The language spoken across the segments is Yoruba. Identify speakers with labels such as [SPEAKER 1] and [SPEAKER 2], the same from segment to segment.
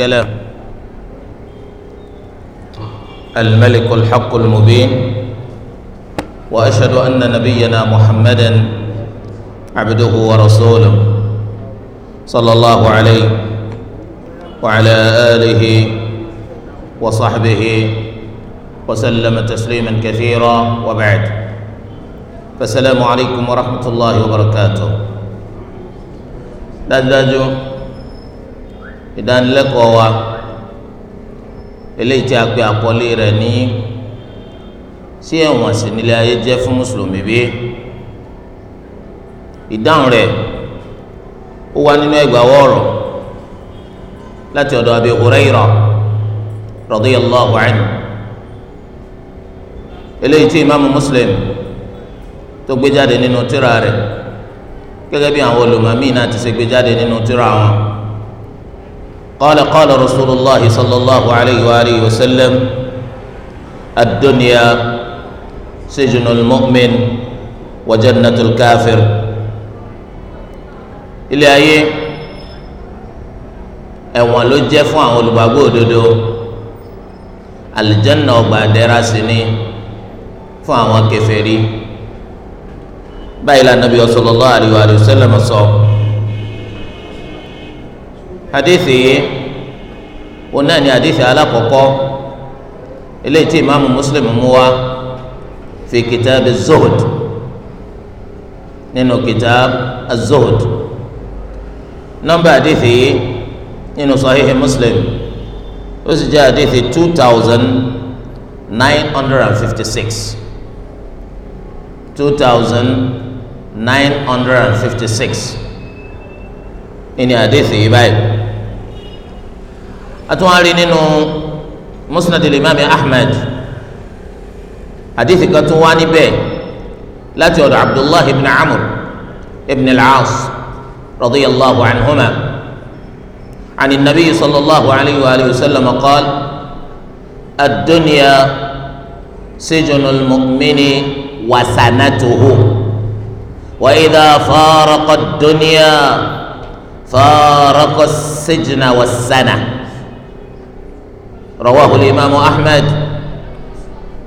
[SPEAKER 1] الكلام الملك الحق المبين واشهد ان نبينا محمدا عبده ورسوله صلى الله عليه وعلى اله وصحبه وسلم تسليما كثيرا وبعد فسلام عليكم ورحمه الله وبركاته ìdánilẹ́kọ̀ọ́ wa eléyìí tí a pe àkọlé rẹ̀ ní sí ẹ̀wọ̀n sí nílé ayé jẹ́ fún mùsùlùmí bí ìdáhùn rẹ̀ ó wà nínú ẹgbàáwọ̀ ọ̀rọ̀ láti ọ̀dọ̀ Abi Hurayra radiyallahu anhu eléyìí tí imaamu Muslim tó gbé jáde nínú tírà rẹ̀ gẹ́gẹ́ bí àwọn olùmọ̀mí náà ti ṣe gbé jáde nínú tírà wọn. قال قال رسول الله صلى الله عليه وآله وسلم الدنيا سجن المؤمن وجنة الكافر إلى أي ẹ̀wọ̀n ló jẹ́ fún àwọn olùgbàgbọ́ òdodo alìjẹ́nà ọgbà àdẹ́rà sí ni fún àwọn kèfèrí báyìí la Nabi sallallahu alaihi wa sallam So hadithi yìí wọn náà ní hadithi alákọ̀ọ́kọ́ eléyìí tí imaamu muslim mú wá fi kitab az-zuhd nínú kitab az-zuhd nọ́mbà hadithi yìí nínú sahihi muslim ó sì jẹ́ hadithi two thousand nine hundred and fifty six two thousand nine hundred and fifty six ìní hadithi yìí báyìí àtúwárí nínú musnad al-imami ahmed hadith kan tún wá níbẹ̀ láti ọ̀dọ̀ abdullah ibn amr ibn al-aas radiyallahu anhuma عن النبي صلى الله عليه وآله وسلم قال الدنيا سجن المؤمن وسنته وإذا فارق الدنيا فارق السجن والسنة رواه الإمام أحمد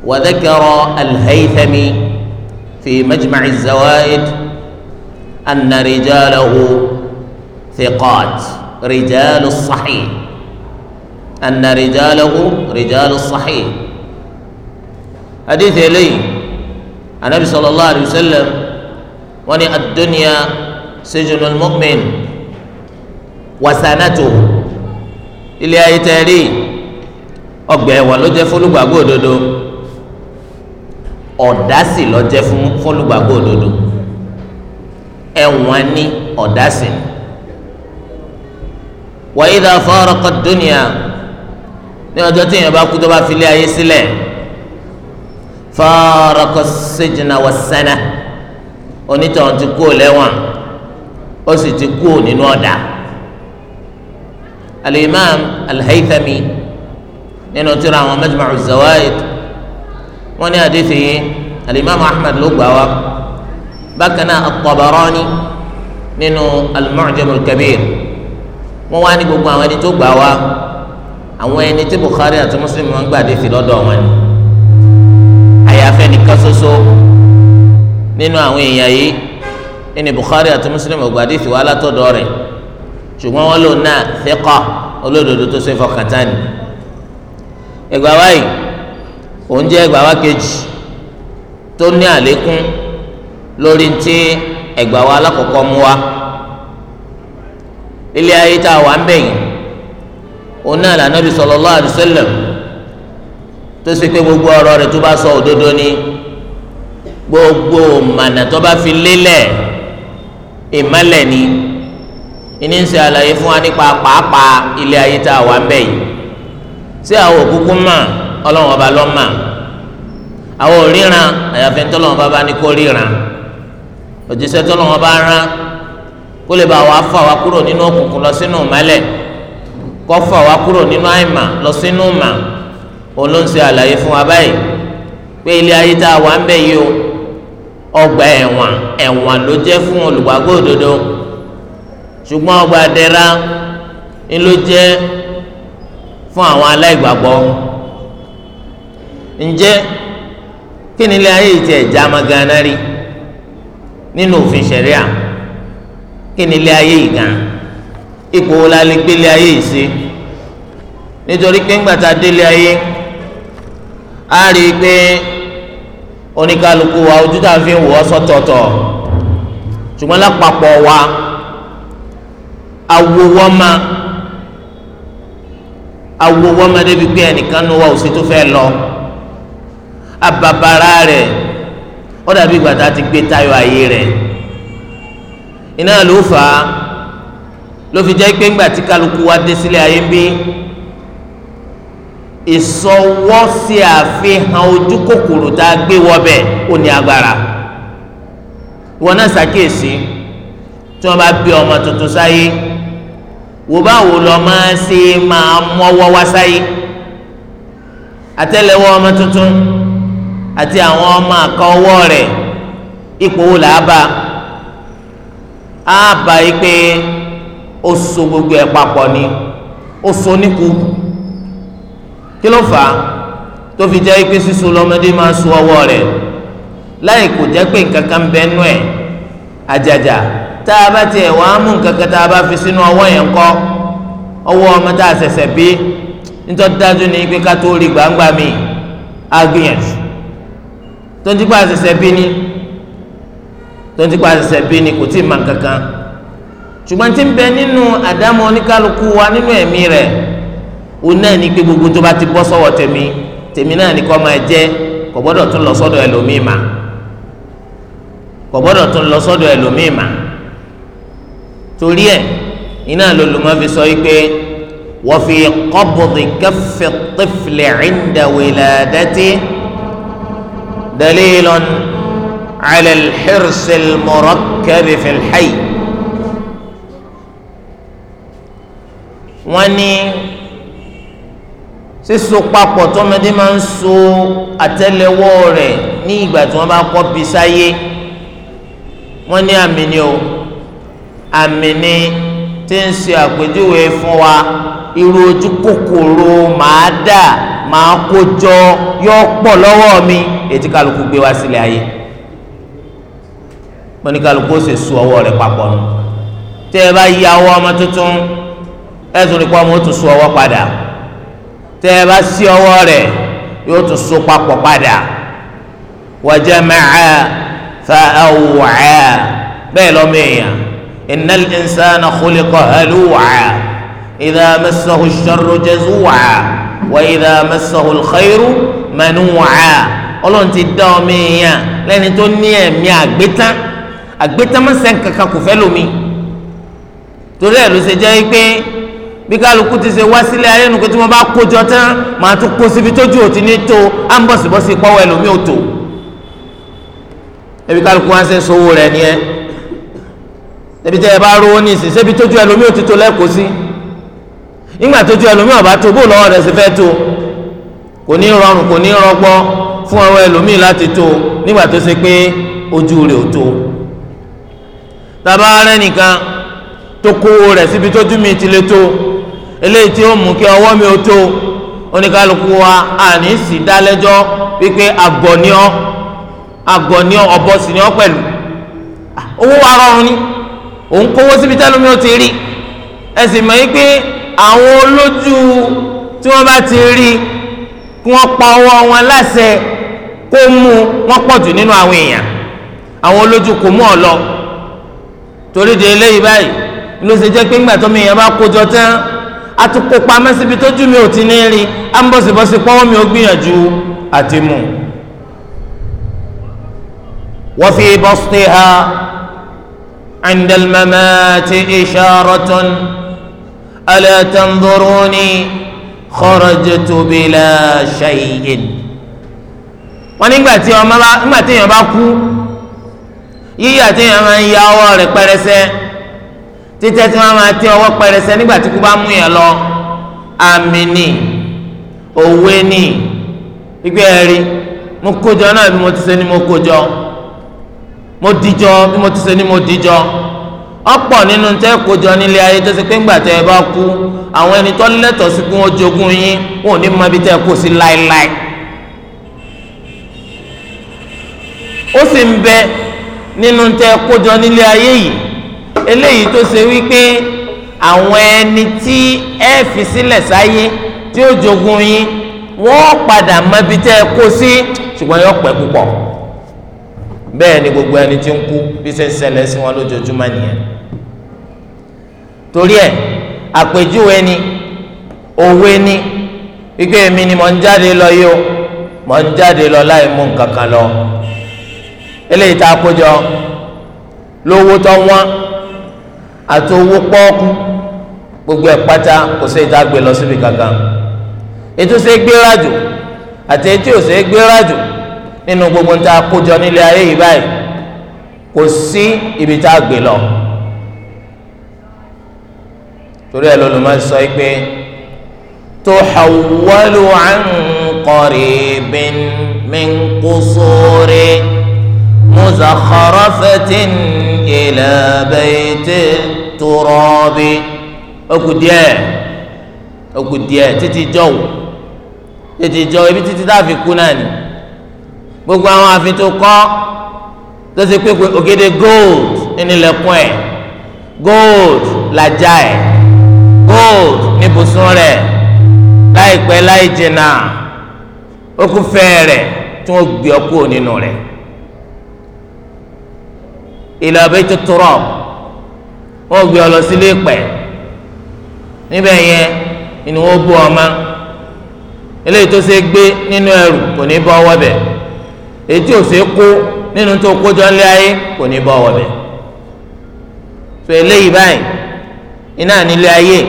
[SPEAKER 1] وذكر الهيثمي في مجمع الزوائد أن رجاله ثقات رجال الصحيح أن رجاله رجال الصحيح حديث لي النبي صلى الله عليه وسلم وني الدنيا سجن المؤمن وسنته إلى أي تاريخ ọgbà ẹ̀wọ̀n ló jẹ́ fólúgbàgbọ́ òdodo ọ̀dá sì ló jẹ́ fólúgbàgbọ́ òdodo ẹ̀wọ̀n ní ọ̀dá ni. wa idha faraqa ad-dunya ní ọjọ́ tí èèyàn bá kú tó bá filé ayé sílẹ̀ faraqa as-sijna was-sana onítọ̀hún ti kú lẹ́wọ̀n ó sì ti kú nínú ọ̀dà al-imam al-haythami. al imam al nínú tíra àwọn Majma'u Zawaid wọ́n ní àdéhìí yìí alimami Ahmad ló gbà wá bákan náà At-Tabarani nínú Al-Mu'jam Al-Kabir wọ́n wá ní gbogbo àwọn ẹni tó gbà wá àwọn ẹni tí Bukhari àti Muslim wọ́n gbà àdéhìí lọ́dọ̀ wọn ni àyàfẹ́ nìkan ṣoṣo nínú àwọn èèyàn yìí ẹni Bukhari àti Muslim ò gbà àdéhìí wá látọ̀dọ̀ rẹ̀ ṣùgbọ́n wọ́n lò náà thiqa olódodo tó ṣe fọkàntán ẹgbà wáyé òun jẹ́ ẹgbà wá kejì tó ní àlékún lórí ti ẹgbà wá alákọ̀ọ́kọ́ mú wa ilé ayé tá a wà ń bẹ̀ yìí òun náà là Nábì sallallahu alaihi wasallam tó ṣe pé gbogbo ọ̀rọ̀ rẹ̀ tó bá sọ òdodo ni gbogbo mànà tó bá fi lélẹ̀ ìmọ̀lẹ̀ ni ìní ń ṣe àlàyé fún wa nípa pàápàá ilé ayé tá a wà ń bẹ̀ yìí ṣé awọ okuku mà ọlọ́run ọba lọ́ awọ àwọn òríran àyàfi tọ́lọ́run ọba bá ní kó ríran òjíṣẹ́ tọ́lọ́run ọba rán kó lè bá wa fà wá kúrò nínú òkùnkùn lọ sínú ìmọ́lẹ̀ kó fà wá kúrò nínú àìmà lọ sínú ìmà òun ló ń ṣe àlàyé fún wa báyìí pé ilé ayé tá a fún òdodo ọgbà fún àwọn aláìgbàgbọ́ ǹjẹ́ kí ni ilé ayé yìí ti ẹ̀já máa ganan rí nínú òfin ṣẹ̀ríà kí ni ilé ayé ipò wo la lè gbé ilé ayé a dé ilé ayé a fi ń ṣùgbọ́n lápapọ̀ wa máa awo wọ́mọdé bíi pé ẹnìkan nu wa òsì tó fẹ́ lọ ababara rẹ̀ ó dàbí gbàtà ti gbé tayọ ayé rẹ̀ iná ló fà á ló fi jẹ́ pé ńgbà tí kálukú wa dé sílé ayé ń bí ìsọwọ́ sí àfihàn ojú kòkòrò tá a gbé wọbẹ̀ ó ní agbára wọn náà ṣàkíyèsí tí wọn bá bí ọmọ tuntun sáyé wò báwo lọ máa ṣe máa mọ́wọ́ wá sáyé àtẹ́lẹwọ́ ọmọ tuntun àti àwọn ọmọ àka ọwọ́ ipò wo làá bá a bá yìí pé ó so gbogbo ẹ̀ papọ̀ ni ó so níkù kí ló fà á tó fi jẹ́ pé sísun lọ́mọdé máa so ọwọ́ rẹ̀ láì kò jẹ́ pé nǹkan kan bẹ́ẹ̀ nú ẹ̀ àjàjà. tá a bá tiẹ̀ wá mú nǹkan fi sínú ọwọ́ yẹn kọ́ ọwọ́ ọmọ tá a bí nítorí dájú ni pé ká tó rí mi ni tó ń dípò bí ni kò tí ì ṣùgbọ́n tí ń wa nínú ẹ̀mí rẹ̀ òun náà ní gbogbo tó bá ti bọ́ sọ́wọ́ náà ní máa jẹ́ gbọ́dọ̀ tún lọ sọ́dọ̀ ẹlòmíì mà gbọ́dọ̀ tún torí ẹ̀ iná lòlùmọ́ fi sọ yìí pé wa fi qabdi kaffi at-tifli 'inda wiladatihi dalilun 'ala al-hirsi al-murakkabi sísun papọ̀ tọ́mọdé máa ń so àtẹ́lẹwọ́ rẹ̀ ní ìgbà tí wọ́n bá kọ́ bisáyé wọ́n ní àmì ni o àmì ni tí ń ṣe àpèjúwe fún wa irú ojú kòkòrò màá dà màá kó jọ yọ pọ̀ lọ́wọ́ mi ètí kálukú gbé wá sílẹ̀ ayé mo ní kálukú ó sì so ọwọ́ rẹ̀ papọ̀ nù tẹ́ ẹ bá yí awọ ọmọ tuntun ẹ tún rí pé ọmọ ó tún so ọwọ́ padà tẹ́ ẹ bá sí ọwọ́ rẹ̀ yóò tún so papọ̀ padà wajama'a fa awwa'a bẹ́ẹ̀ lọ́mọ èèyàn إن الإنسان insana khuliqa إذا مسه الشر ash وإذا مسه الخير idha massahu al-khayru manu'a ọlọ́run ti dá ọmọ èèyàn lẹ́ni tó ní ẹ̀mí àgbétán àgbétán máa ń sẹ́ni kankan kò fẹ́ lómi torí ẹ̀ ló ṣe jẹ́ pé bí kálukú ti ṣe wá sílé ayé nu pé tí bá kójọ tán màá tún kó síbi tójú òtí ní tó á ń bọ̀sibọ́sí pọ́wọ́ ẹlòmíì ò tó ẹbí kálukú wá ń ṣe sówó rẹ̀ ni ẹ́ tẹbi tẹ ẹ bá rówó ní ìsìn ṣébi tójú ẹlòmíì ò ti tó lẹ́kọ̀ọ́ sí nígbà tójú ẹlòmíì ọ̀bá tó bó lọ́wọ́ rẹ̀ sì fẹ́ tó kò ní rọrùn kò ní rọgbọ fún àwọn ẹlòmíì láti tó nígbà tó ṣe pé ojú rẹ̀ ò tó tàbá rẹ nìkan tó kówó rẹ̀ síbi tójú mi ti lè tó eléyìí tí ó mú kí ọwọ́ mi ó tó oníkálukú wa àní sì dá lẹ́jọ́ wípé àgọ̀ ni ọ́ àgọ̀ ni pẹ̀lú ah, owó wa rọrùn ni. Ah, òun kówó síbi tẹ́lómi ó ti rí ẹ sì mọ̀ yí pé àwọn olójú tí wọ́n bá ti rí kí wọ́n pa ọwọ́ wọn láṣẹ kó mú wọn pọ̀ jù nínú àwọn èèyàn àwọn olójú kò mú ọ lọ torí de eléyìí báyìí ló ṣe jẹ́ pé ńgbà tó mi yẹn bá kójọ tán a tún kó pamẹ́ síbi tójú mi ò ti ní rí a ń bọ̀sibọ́sí pọ́wọ́ mi ò gbìyànjú àti mú. wọ́n fi bọ́sítẹ́ ha. عند الممات إشارة ألا تنظروني خرجت بلا شيء wọ́n nígbà tí ọmọ bá nígbà tí èèyàn bá kú yíyà tí èèyàn máa ń ya ọwọ́ rẹ̀ pẹrẹsẹ títẹ́ tí wọ́n máa tẹ ọwọ́ pẹrẹsẹ nígbà tí kú bá mú yẹn lọ àmì ni òwe ni gbígbé ẹ̀rí mo kójọ náà bí mo ti ṣe ni mo kójọ mo dijọ́ bí mo ti ṣe ni mo dijọ́ ọ̀pọ̀ nínú tẹ́ kó jọ nílé ayé tó ṣe pé ńgbà tẹ́ ẹ bá kú àwọn ẹni tó lẹ́tọ̀ọ́ sí pé wọ́n jogún yín wọn ò ní mọ ibi tẹ́ kó sí láéláé ó sì ń bẹ nínú tẹ́ kó jọ nílé ayé yìí eléyìí tó ṣe wípé àwọn ẹni tí ẹ fi sílẹ̀ sáyé tí ó jogún yín wọ́n padà mọ ibi tẹ́ kó sí ṣùgbọ́n yóò pẹ́ púpọ̀ bẹ́ẹ̀ ni gbogbo ẹni tí ń kú bí ṣe ń ṣẹlẹ̀ sí wọn lójoojúmọ́ nìyẹn torí ẹ̀ àpèjúwe ni òwe ni wípé èmi ni mò ń jáde lọ yìí o mò ń jáde lọ láì mú nǹkan kan lọ eléyìí tá a kó jọ lówó tó wọ́n àti owó pọ́ọ́kú gbogbo ẹ̀ pátá kò sí ìta lọ síbi kankan ètò ṣe rájò àti ètò ṣe rájò nínú gbogbo nta kójọ nílé ayé yìí báyìí kò sí ibi tá a gbé lọ torí ẹ lọlọmọ sọ yìí pé tuhawwalu an qaribin min qusuri muzakharafatin ila bayti turabi oku díẹ̀ oku díẹ̀ títí jọwọ títí jọwọ ibi títí tá a fi kú náà ni gbogbo àwọn ààfin tó kọ́ tó ṣe pé ògèdè gold ìnilẹ̀kùn ẹ̀ gold làjà ẹ̀ gold níbùsùn rẹ̀ láìpẹ́ láì jìnnà ó kú fẹ́ rẹ̀ tí wọ́n gbé ọ kúrò nínú rẹ̀ ìlà Baitu Turab wọ́n gbé ọ lọ sílé pẹ̀ níbẹ̀ yẹn ni wọ́n bú ọmọ eléyìí tó ṣe gbé nínú ẹrù kò ní bọ́ wọ́bẹ̀ etí òsè kó nínú tó kó jọ ńlẹ ayé kò ní bọ́ wọ̀bẹ̀ so eléyìí báyìí iná nílé ayé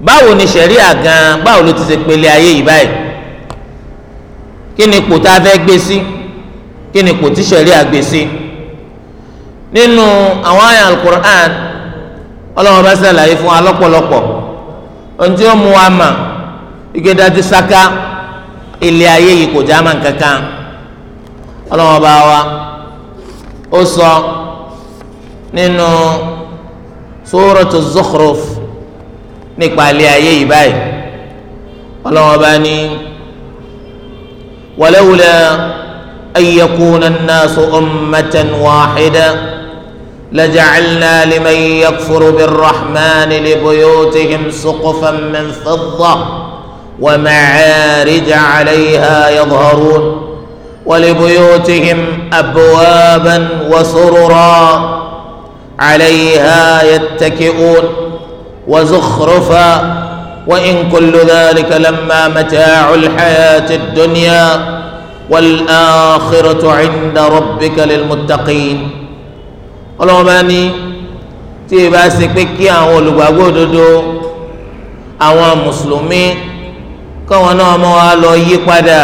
[SPEAKER 1] báwo ni ṣẹ̀ríà gan báwo ló ti ṣe pele ayé yìí báyìí kí ni ipò tá a fẹ́ gbé sí kí ni ipò tí ṣẹ̀ríà gbé sí nínú àwọn àyà alukur'an ọlọ́wọ́n bá ṣàlàyé fún wa lọ́pọ̀lọpọ̀ ohun tí ó mú wa mà ike dájú sáká ilé ayé yìí kò já mà kankan. ọlọ́wọ́n bá wa ó sọ nínú suratu Zukhruf nípa alẹ́ ayé yìí báyìí ọlọ́wọ́n bá ní walawla an yakuna an-nasu ummatan wahida laja'alna liman yakfuru bir-rahmani libuyutihim suqufan min fidda wa ma'arija 'alayha yadhharun. ولبيوتهم أبوابا وسررا عليها يتكئون وزخرفا وإن كل ذلك لما متاع الحياة الدنيا والآخرة عند ربك للمتقين ọlọ́run bá ní tí ì bá ṣe pé kí àwọn olùgbàgbọ́ òdodo àwọn mùsùlùmí káwọn náà mọ́ wa lọ yí padà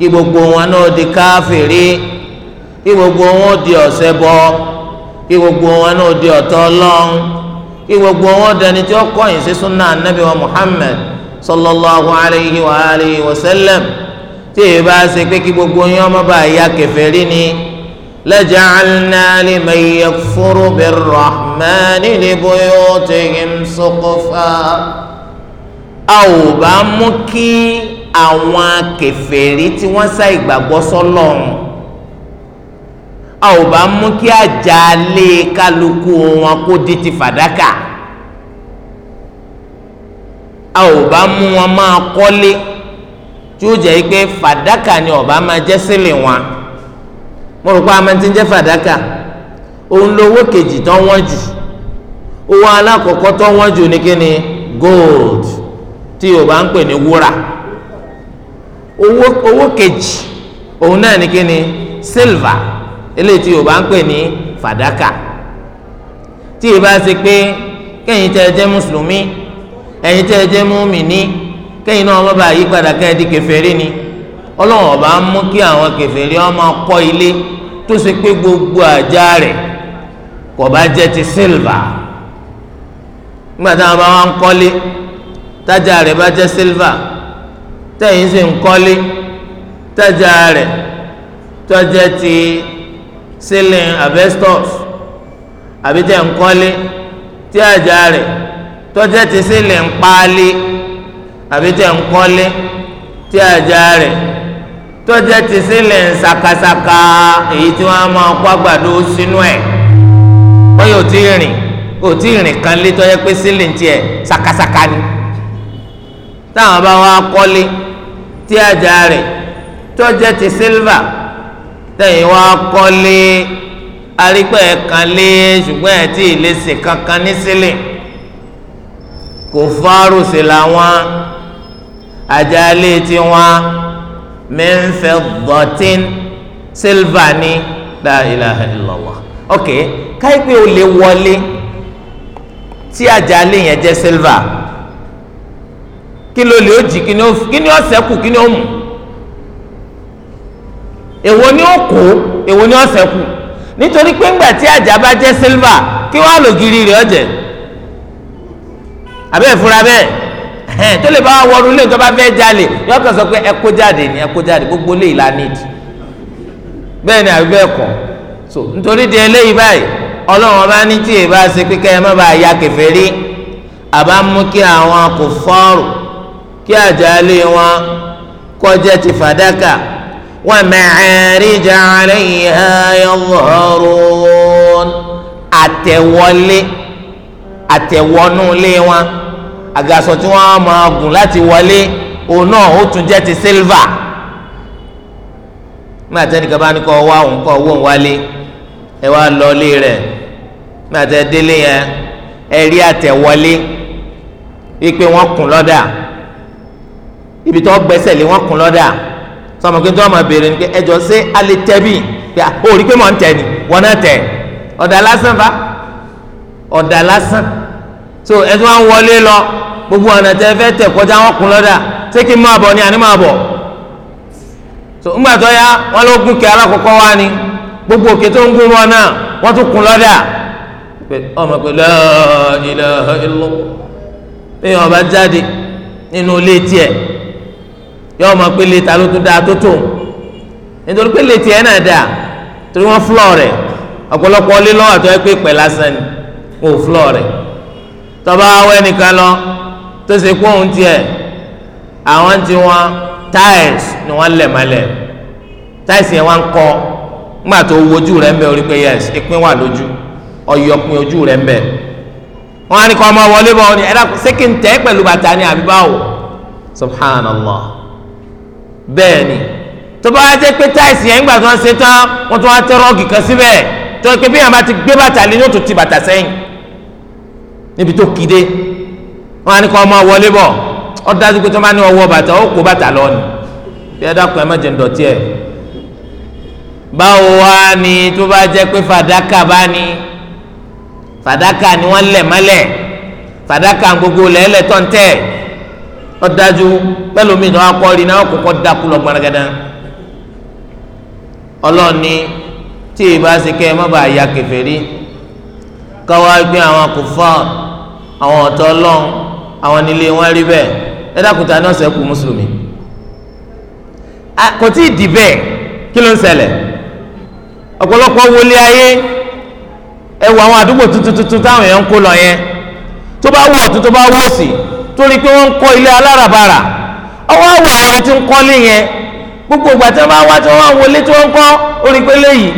[SPEAKER 1] kí gbogbo wọn náà di káfìrí kí gbogbo wọn di ọ̀sẹ̀ bọ kí gbogbo wọn náà di ọ̀tọ̀ ọlọ́run kí gbogbo wọn dẹni tí ó kọ̀yìn sí súnà anábì wa Muhammad sallallahu alayhi wa alayhi wa sallam tí èyí bá ṣe pé kí gbogbo yín ọmọ bá ya kèfèrí ni laja'alna liman yakfuru birrahmani li buyutihim suqfa
[SPEAKER 2] a ò bá
[SPEAKER 1] mú kí àwọn kèfèrí tí wọ́n sá ìgbàgbọ́ sọ́lọ́run a ò bá mú kí àjálé kálukú wọn kó di ti fàdákà a ò bá mú wọn máa kọ́lé tí ó jẹ́ pé fàdákà ni ọba máa jẹ́ sílẹ̀ wọn mo rò pé a máa ti ń jẹ́ fàdákà òun lówó kejì tó wọ́n jù owó alákọ̀ọ́kọ́ tó wọ́n jù ní kí ni gold tí Yorùbá ń pè ní wúrà owó owó kejì òun náà ní kí ni silver eléyìí tí yorùbá ń pè ní fàdákà tí ìbá ṣe pé kẹ́yìn tẹ́ ẹ jẹ́ mùsùlùmí ẹ̀yin tẹ́ ẹ jẹ́ mùmíní kẹ́yìn náà ọlọ́ba yí padà kẹ́ ẹ di kèfèrí ni ọlọ́run ọba ń mú kí àwọn kèfèrí ọmọ kọ́ ilé tó ṣe pé gbogbo àjà rẹ̀ kò bá jẹ́ ti silver nígbà táwọn bá wá ń kọ́lé tájà rẹ̀ bá jẹ́ silver tẹ̀yìn sì ń kọ́lé tẹ́jà rẹ̀ tọ́jẹ́ ti ceiling asbestos àbí tẹ̀ ń kọ́lé tí àjà rẹ̀ tọ́jẹ́ ti ceiling páálí àbí tẹ̀ ń kọ́lé tí àjà rẹ̀ tọ́jẹ́ ti sílẹ̀ ń sakasaka èyí tí wọ́n á máa kó àgbàdo sínú ẹ̀ bóyá ò tí rìn ò tí ì rìn kan lé tọ́jẹ́ pé sílẹ̀ tiẹ̀ sakasaka ni táwọn bá wá kọ́lé tí àjà rẹ̀ tó jẹ́ ti sílvà tẹ̀yìn wá kọ́lé arígbẹ́ kan lé ṣùgbọ́n ẹ̀ tí ìlẹ́sìn kankan ní sílẹ̀ kò fárò sí làwọn àjà ilé tiwọn mẹ́ńfẹ́ dọ̀tín sílvà ní la ilaha illallah ok káyipẹ́ ò lè wọlé tí àjà yẹn jẹ́ sílvà. kí ló lè ó jì kí ni ó ṣẹ́kù kí ni ó mú èwo ni ó kó èwo ni ó ṣẹ́kù nítorí pé àjà bá jẹ́ silva kí wàá lò gírí rẹ̀ ọ̀jẹ̀ abẹ́ ìfura bẹ́ẹ̀ ẹ̀hẹ́n tó lè bá wa wọrú lé ìjọba fẹ́ jalè yọ sọ pé ẹ kó jáde gbogbo lè la need bẹ́ẹ̀ ni àbí bẹ́ẹ̀ kọ́ so nítorí di eléyìí báyìí ọlọ́run ọba ní tí èèbá ṣe pé kẹ́ ẹ ya kẹfẹ́ rí àbá mú kí àwọn kí àjálù wọn kọjá ti fàdákà wa ma'ārij 'alayhā yaẓharūn àtẹ̀wọlé àtẹ̀wọnúlé wọn àgàsọ̀ tí wọn máa gùn láti wọlé òun náà ó tún jẹ́ ti sílvà nígbà tí ẹnìkan bá ní kọ́ wá òun kọ́ owó òun wálé ẹ lọ rẹ̀ nígbà tí ẹ délé yẹn ẹ rí àtẹ̀wọlé wípé wọ́n kùn lọ́dà. ibi tó gbẹ́sẹ̀ lé wọn kún lọ́dà sọmọ pé tó máa béèrè ni pé ẹjọ́ a lè pé ó rí pé mò ń tẹ̀ ni wọn náà so wọn wọlé lọ gbogbo ọ̀nà tẹ́ fẹ́ tẹ̀ kọjá wọn kún lọ́dà ṣé kí n máa bọ̀ ni àní máa bọ̀ so ńgbà tó yá wọn ló gùn alákọ̀ọ́kọ́ ni gbogbo òkè tó ń gún wọn náà wọn tún kún lọ́dà ọmọ pé la yọọ ma pé leta ló tún dáa tó tó nítorí pé leta yẹn náà dáa torí wọn fúlọ rẹ ọ̀pọ̀lọpọ̀ ọlẹ lọ́wọ́ àti ẹgbẹ́ pẹ lásán ni wọn ò fúlọ rẹ tọba awọ ẹnìkan lọ tó ṣe pé òun tiẹ̀ àwọn ti wọn tiles ni wọn lẹ̀ mọ́lẹ̀ tiles yẹn wọn kọ nígbà tó wojú rẹ mbẹ orí pé yes ìpín wà lójú ọyọpin ojú rẹ mbẹ wọn á ní kọ́ ọmọ wọlé bọ̀ ọ ni ẹ dàkú sékìntẹ́ pẹ̀lú bàtà ni àbí subhanallah bẹ́ẹ̀ ni tó bá jẹ́ pé táìsì yẹn ńgbà tó ń ṣe tán wọ́n tún wá tẹ rọ́ọ̀gì kan síbẹ̀ tó pé bí yàrá bá ti gbé bàtà lé ní òtún ti bàtà sẹ́yìn níbi tó kéde wọ́n á ní kó ọmọ wọlé bọ̀ ọ́ dájú pé tó bá ní ọwọ́ bàtà ó kó bàtà lọ ni bí ẹ dákun ẹ má jẹ ń dọ̀tí ẹ̀ báwo wá ni tó bá jẹ́ pé fàdákà bá ní fàdákà ni wọ́n lẹ̀ mọ́lẹ̀ fàdákà gbogbo lẹ́lẹ̀ tọ́ntẹ́ẹ̀ ọdájú pẹlúmi náà akọrin náà kọ́kọ́ dákú lọ gbaragada ọlọ́ọ̀ni tí ìbá ṣe kẹ́ ẹ má bàa ya kèfèrí káwá gbé àwọn akùfà àwọn ọ̀tọ̀ ọlọ́run àwọn nílé wọn rí bẹ́ẹ̀ ẹ dákúta náà sẹ́kù mùsùlùmí kò tí ì dì bẹ́ẹ̀ kí ló ń ṣẹlẹ̀ ọ̀pọ̀lọpọ̀ wọlé ayé ẹ wọ àwọn àdúgbò tuntun tuntun táwọn èèyàn ń kó lọ yẹn tó bá wọ̀ tó tó bá wọ̀ sí i. torí pé wọ́n ń kọ́ ilé alárabàrà ọwọ́ àwọn tí ń kọ́lé yẹn gbogbo ìgbà tí wọ́n bá wá tí wọ́n wọlé tí wọ́n ń kọ́ orí pé léyìí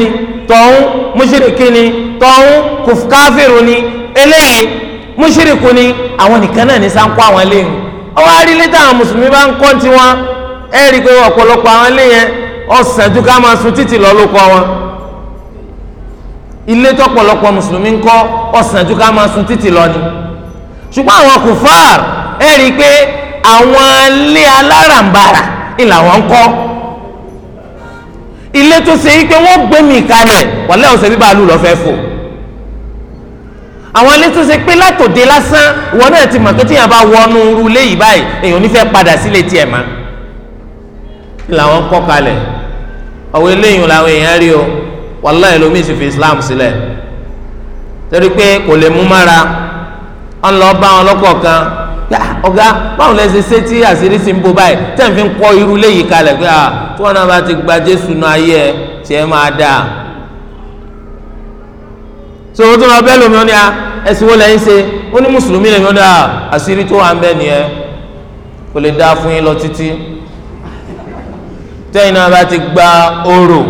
[SPEAKER 1] ni tọ̀hún mùṣírìkì ni tọ̀hún kùfkáfìrù ni eléyìí ni àwọn nìkan náà ní sáńkó àwọn léyìn ọwọ́ àrílé táwọn mùsùlùmí bá ń kọ́ ẹ rí i pé ọ̀pọ̀lọpọ̀ àwọn ọ̀sẹ̀ ju ká máa sun títì lọ ló kọ́ wọn ṣùgbọ́n àwọn kùfàr ẹ rí i pé àwọn ilé alárànbarà ìlà wọn ń kọ́ ilé tó ṣe yí pé wọ́n gbẹ̀mí kalẹ̀ wọ́n lẹ́wọ̀n ṣe bí bàálù lọ́ fẹ́ fò àwọn ilé tó ṣe pé látòdé lásán ìwọ náà ti mọ̀ pé tíyàn bá wọnú irú ilé yìí báyìí èèyàn ò ní fẹ́ padà sílé tiẹ̀ mọ́ làwọn kọ́ kalẹ̀ ọ̀wọ́ eléyìí làwọn èèyàn rí o wàláhì ẹlòmíì sì fi Islam sílẹ̀ torí pé kò lè mú mára wọn lọ bá wọn lọ́kọ̀ọ̀kan ah, ọ̀gá báwo lẹ ṣe ṣe tí àṣírí sì ń bo báyìí tẹ̀ ń fi kọ́ irú léyìí kalẹ̀ pé ah, tí wọn náà bá ti gba Jésù náà ayé ẹ tiẹ̀ máa dáa so o tún lọ bẹ́ẹ̀ lómi ọ́nìyà ah, ẹ̀sìn wo lẹ́yìn ṣe ó ní mùsùlùmí lèmi ọ́nà àṣírí tó wà ń bẹ́ẹ̀ nìyẹn kò lè dáa fún yín lọ títí tẹ́yìn náà bá ti gba orò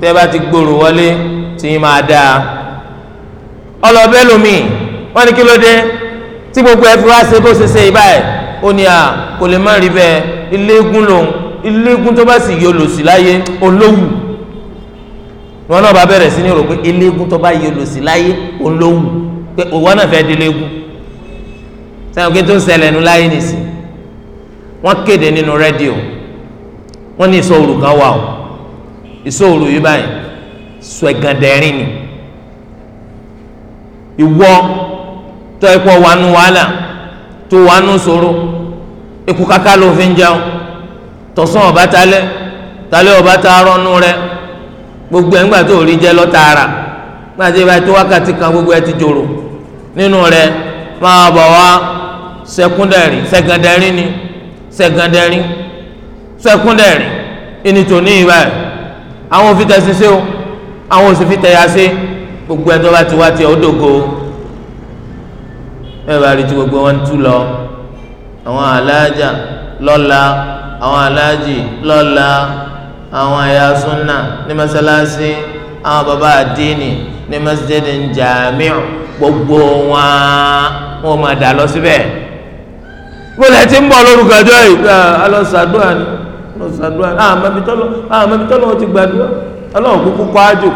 [SPEAKER 1] tẹ́yìn bá ti gbòòrò wọlé tí yín máa dáa ọlọ́bẹ́ lómi wọ́n ní kí ló dé tí gbogbo ẹ fi wá ṣe bó ṣe ṣe yìí báyìí ó ní à kò lè má rí bẹ́ẹ̀ iléegun lòun iléegun tó bá sì yọ lòsì láyé olówù wọn náà bá bẹ̀rẹ̀ sí ní rò pé iléegun tó bá yọ lòsì láyé olówù pé òwò náà fẹ́ di iléegun sẹ́wọ̀n kí n tó ń ṣẹlẹ̀ nu láyé nìsí wọ́n kéde nínú rédíò wọ́n ní ìṣòro kan wà o ìṣòro yìí báyìí sọ ni ìwọ tọ́ ẹ wanu wàánu wàhálà tó wàánu ṣòro ikú kaka ló fi ń jẹun tọ̀sán ọ̀bá talẹ́ talẹ́ ọ̀bá taarọ́ nu rẹ gbogbo ẹ̀ ńgbà tó rí jẹ́ lọ tààrà gbàdé bá tó wákàtí kan gbogbo ẹ̀ ti jòrò nínú rẹ máa bọ̀ wá sẹkúndẹ̀rì sẹkẹndẹ̀rì ni sẹkẹndẹ̀rì sẹkúndẹ̀rì ìnìtò ní ìbá ẹ̀ àwọn òfin tẹ̀sí sí o àwọn òsì fi tẹ̀yà sí gbogbo ẹ̀ tó bá ti wá tiẹ̀ ó dògo o ẹ bá rí tí gbogbo wọn tú lọ àwọn aláàjà lọ́la àwọn aláàjì lọ́la àwọn ẹ̀yà súnà ní mọ́sálásí àwọn bàbá àdínì ní mọ́sídẹ́ẹ̀dì jamiu gbogbo wọn wọn máa dà lọ síbẹ̀ wọlé tí ń bọ̀ lórúkọ ẹjọ́ yìí alọ́sàdúrà ni alọ́sàdúrà ni àwọn ah, mẹ́bitọ́lọ́ àwọn ah, mẹ́bitọ́lọ́ ti gbàdúrà ọlọ́run kúkú kọ́ ájò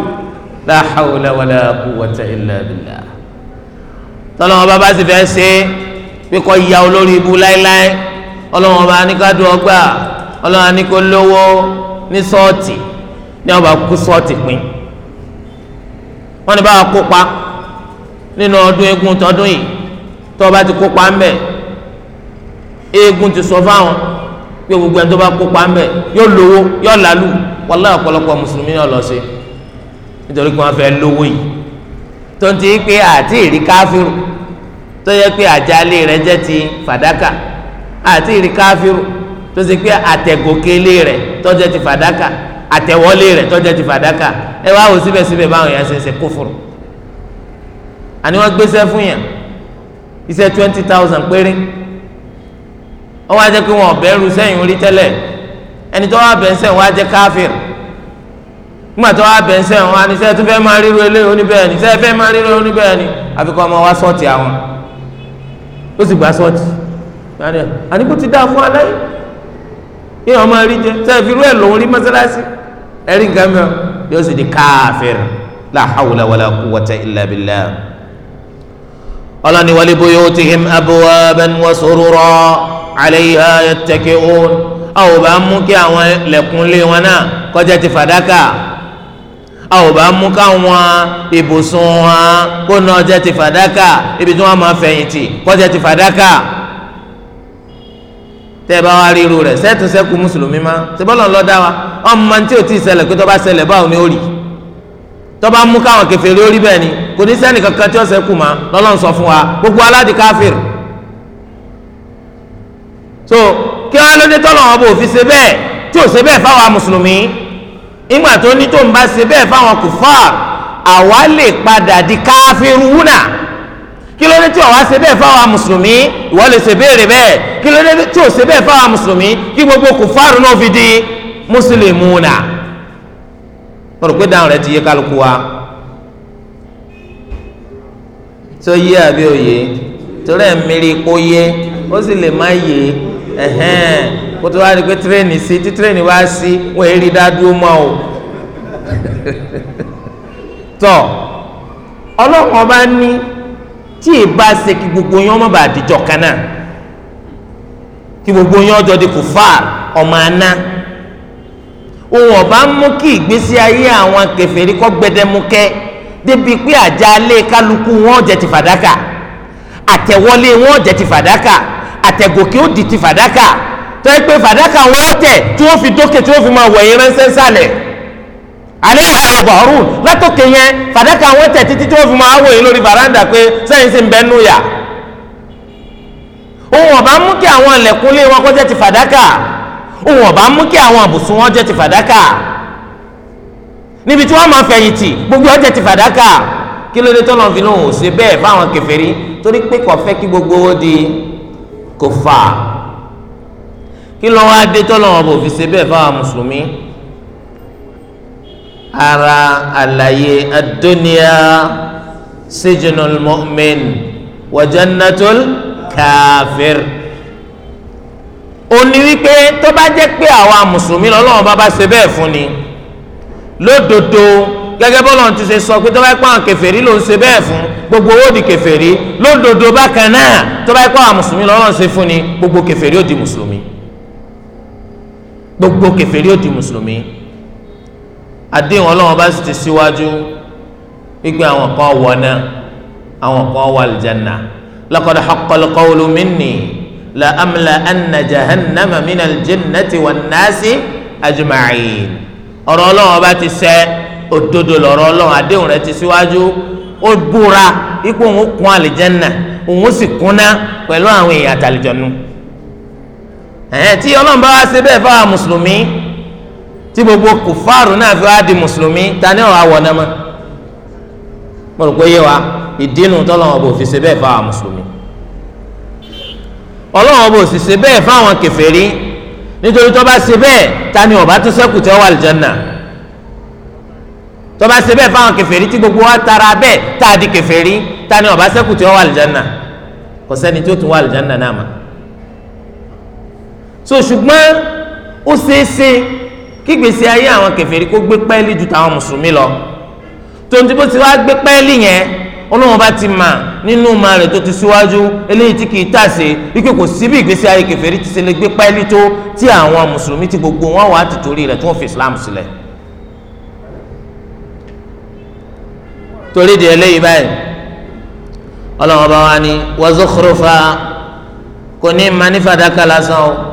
[SPEAKER 1] la hawla wala quwwata illa tọ́lọ́wọ́n bá bá sì fẹ́ ṣe pé kọ́ ya olórí ibu láéláé ọlọ́wọ́n bá ní ká dùn ọgbà ọlọ́wọ́n ní kó lówó ní sọ́ọ̀tì ní ọba kú sọ́ọ̀tì pín wọ́n ní bá wa kópa nínú ọdún eégún tọdún yìí tó bá ti kópa ńbẹ eégún ti sọ fáwọn pé gbogbo ẹni tó bá kópa ńbẹ yóò lówó yóò làlù wàlá ọ̀pọ̀lọpọ̀ mùsùlùmí náà nítorí pé wọ́n fẹ́ lówó yìí tó ń ti pé àti ìrí káfíru tó yẹ pé àjálè rẹ̀ jẹ́ ti fàdákà àti ìrí káfíru tó ṣe pé àtẹ̀gòkèlé rẹ̀ tó jẹ́ ti fàdákà àtẹ̀wọlé rẹ̀ tó jẹ́ ti fàdákà ẹ wá wò síbẹ̀síbẹ̀ báwọn èèyàn ṣe ń ṣe kófòrò àní wọ́n gbéṣẹ́ fún yàn iṣẹ́ twenty thousand péré ó wá jẹ́ pé wọn ọ̀bẹ rú sẹ́yìn orí tẹ́lẹ̀ ẹni tó wá bẹ̀ ń sẹ́yìn wá jẹ́ káfíru nígbà tó wá bẹ̀ ń sẹ́wọ̀n wá ní sẹ́ẹ̀ tó fẹ́ máa ríro eléyìí oníbẹ̀ẹ́ ni sẹ́ẹ̀ fẹ́ máa ríro oníbẹ̀ẹ́ ni àfikún ọmọ wa sọ́ọ̀tì àwọn ó sì gbà sọ́ọ̀tì àníkù ti dáa fún alẹ́ yìí ọmọ rí jẹ sẹ́ẹ̀ fi rú ẹ̀ lòún rí mọ́sálásí ẹ̀rí nǹkan mìíràn yóò sì di káfíìr la hawla wala quwwata illa ọlọ́ni wali buyutihim abwaban wa surura alayha yattaki'un àwọn ò bá mú kí àwọn a ò bá mú káwọn ibùsùn wọn kó náà jẹ́ ti fàdákà ibi tí wọ́n máa fẹ̀yìntì kó jẹ́ ti fàdákà tẹ́ ẹ bá wá ríru rẹ̀ sẹ́tún sẹ́kù mùsùlùmí má ṣe bọ́lọ̀ lọ́ dá wa ọmọ tí ò tí ì ṣẹlẹ̀ pé tó bá ṣẹlẹ̀ báwo ni ó rí tó bá mú káwọn kèfèrí ó rí bẹ́ẹ̀ ni kò ní sẹ́nì kankan tí ó ṣẹ́kù má lọ́lọ́run sọ fún wa gbogbo aláàdì káfíìr so kí wọ́n á lóde tọ́lọ̀ wọn bò fi ṣe bẹ́ẹ̀ tí ò ṣe bẹ́ẹ̀ fáwọn mùsùlùmí ìgbà tó ní tó ń bá ṣe bẹ́ẹ̀ fáwọn kùfàr àwa lè padà di káfírúnà kí ló dé tí àwa ṣe bẹ́ẹ̀ fáwọn mùsùlùmí ìwọ lè ṣe béèrè bẹ́ẹ̀ kí ló dé tí ò ṣe bẹ́ẹ̀ fáwọn mùsùlùmí kí gbogbo kùfàr náà fi di mùsùlùmúnà mo rò pé dáhùn rẹ ti yé kálukú wa tó yé àbí òye torí ẹ̀ ń kó yé ó sì lè má yé ẹ̀hẹ́n kó tó wá rí i pé tírénì sí tí tírénì wá sí wọ́n èrí dádúró mọ́ o tọ́ ọlọ́run ọba ní tí ìbá ṣe kí gbogbo yẹn ọmọ bá dìjọ kan náà kí gbogbo yẹn ọjọ́ di kùfàr ọmọ aná òun ọba ń mú kí ìgbésí ayé àwọn kèfèrí kọ́ gbẹdẹmukẹ́ débi pé àjálẹ̀ kálukú wọn jẹ ti fàdákà àtẹ̀wọlé wọn jẹ ti fàdákà àtẹ̀gòkè ó di ti fàdákà tó yẹ pé fàdákà wọn tẹ̀ tí wọ́n fi dókè tí wọ́n fi máa wẹ̀yìn ránṣẹ́ sálẹ̀ alẹ́ yà bọ̀rù látòkè yẹn fàdákà wọn tẹ̀ títí tí wọ́n fi máa wẹ̀yìn lórí baranda pé sẹ́yìn sì ń bẹ́ nù yà òun ọ̀bá mú kí àwọn ilẹ̀kùnlé wọn kó jẹ́ ti fàdákà òun ọ̀bá mú kí àwọn àbùsùn wọn jẹ́ ti fàdákà níbi tí wọ́n máa fẹ̀yìntì gbogbo ọjọ́ ti fàdákà kí ló dé tó fi lóhùn ṣe bẹ́ẹ̀ fáwọn kèfèrí torí pé kò kí gbogbo ó di kò fà á kí ló wá dé tọ́lọ́wọ́n bò fi ṣe bẹ́ẹ̀ fáwọn mùsùlùmí ara àlàyé adóníyà sijinul mu'min wa jannatul kafir òní wípé tó bá jẹ́ pé àwa mùsùlùmí lọ́lọ́wọ́n bá bá ṣe bẹ́ẹ̀ fún ni lódodo gẹ́gẹ́ bọ́lọ̀ ti ṣe sọ pé tó bá pọ́n àwọn kèfèrí ló ń ṣe bẹ́ẹ̀ fún gbogbo owó di kèfèrí lódodo bákan náà tó bá pọ́n àwọn mùsùlùmí lọ́lọ́wọ́n ṣe fún ni gbogbo kèfèrí ó di mùsùlùmí gbogbo kèfèrí ó di mùsùlùmí àdéhùn ọlọ́wọ́n bá sì ti síwájú gbígbé àwọn kan wọ náà àwọn kan wọ àlìjáná laqad haqqal qawlu minni la amla anna jahannama minal jinnati wan nasi ajma'in ọ̀rọ̀ ọlọ́wọ́n bá ti sẹ́ òdodo lọ́rọ̀ ọlọ́wọ́n àdéhùn rẹ ti síwájú ó búra ipò òun kún àlìjáná òun sì kúnná pẹ̀lú àwọn èèyàn àtàlìjọ́nu ẹ̀hẹ́n tí ọlọ́run bá wá ṣe bẹ́ẹ̀ fáwọn mùsùlùmí tí gbogbo kùfáàrù náà fi wá di mùsùlùmí ta ni ọ̀hún àwọ̀ náà mọ́ mo rò pé yé wa ìdínú tọ́lọ́run ọba òfin ṣe bẹ́ẹ̀ fáwọn mùsùlùmí ọlọ́run ọba òsì ṣe bẹ́ẹ̀ fáwọn kèfèrí nítorí tó bá ṣe bẹ́ẹ̀ ta ni ọba tó ṣẹ́kù tẹ́ wà lìjọ́nà tó bá ṣe bẹ́ẹ̀ fáwọn kèfèrí tí gbogbo wa tara bẹ́ẹ̀ tá a di kèfèrí ta ni ọba ṣẹ́kù tẹ́ wà lìjọ́nà kò sẹ́ni tó tún wà lìjọ́nà náà mọ́ so ṣùgbọ́n ó ṣeéṣe kí gbèsè ayé àwọn kèfèrí kó gbé pẹ́ẹ́lí ju tàwọn mùsùlùmí lọ tonti bó ti wá gbé pẹ́ẹ́lí yẹn Ọlọ́run bá ti mà nínú ma rẹ̀ tó ti síwájú eléyìí tí kìí tàsé wípé kò sí ìgbésí ayé kèfèrí ti ṣe lè gbé pẹ́ẹ́lí tó tí àwọn mùsùlùmí ti gbogbo wọn wà á ti torí rẹ̀ tí wọ́n fi Islam sílẹ̀. torí di eléyìí báyìí Ọlọ́run bá wá ní wa kò ní ma ní fàdákà lásán o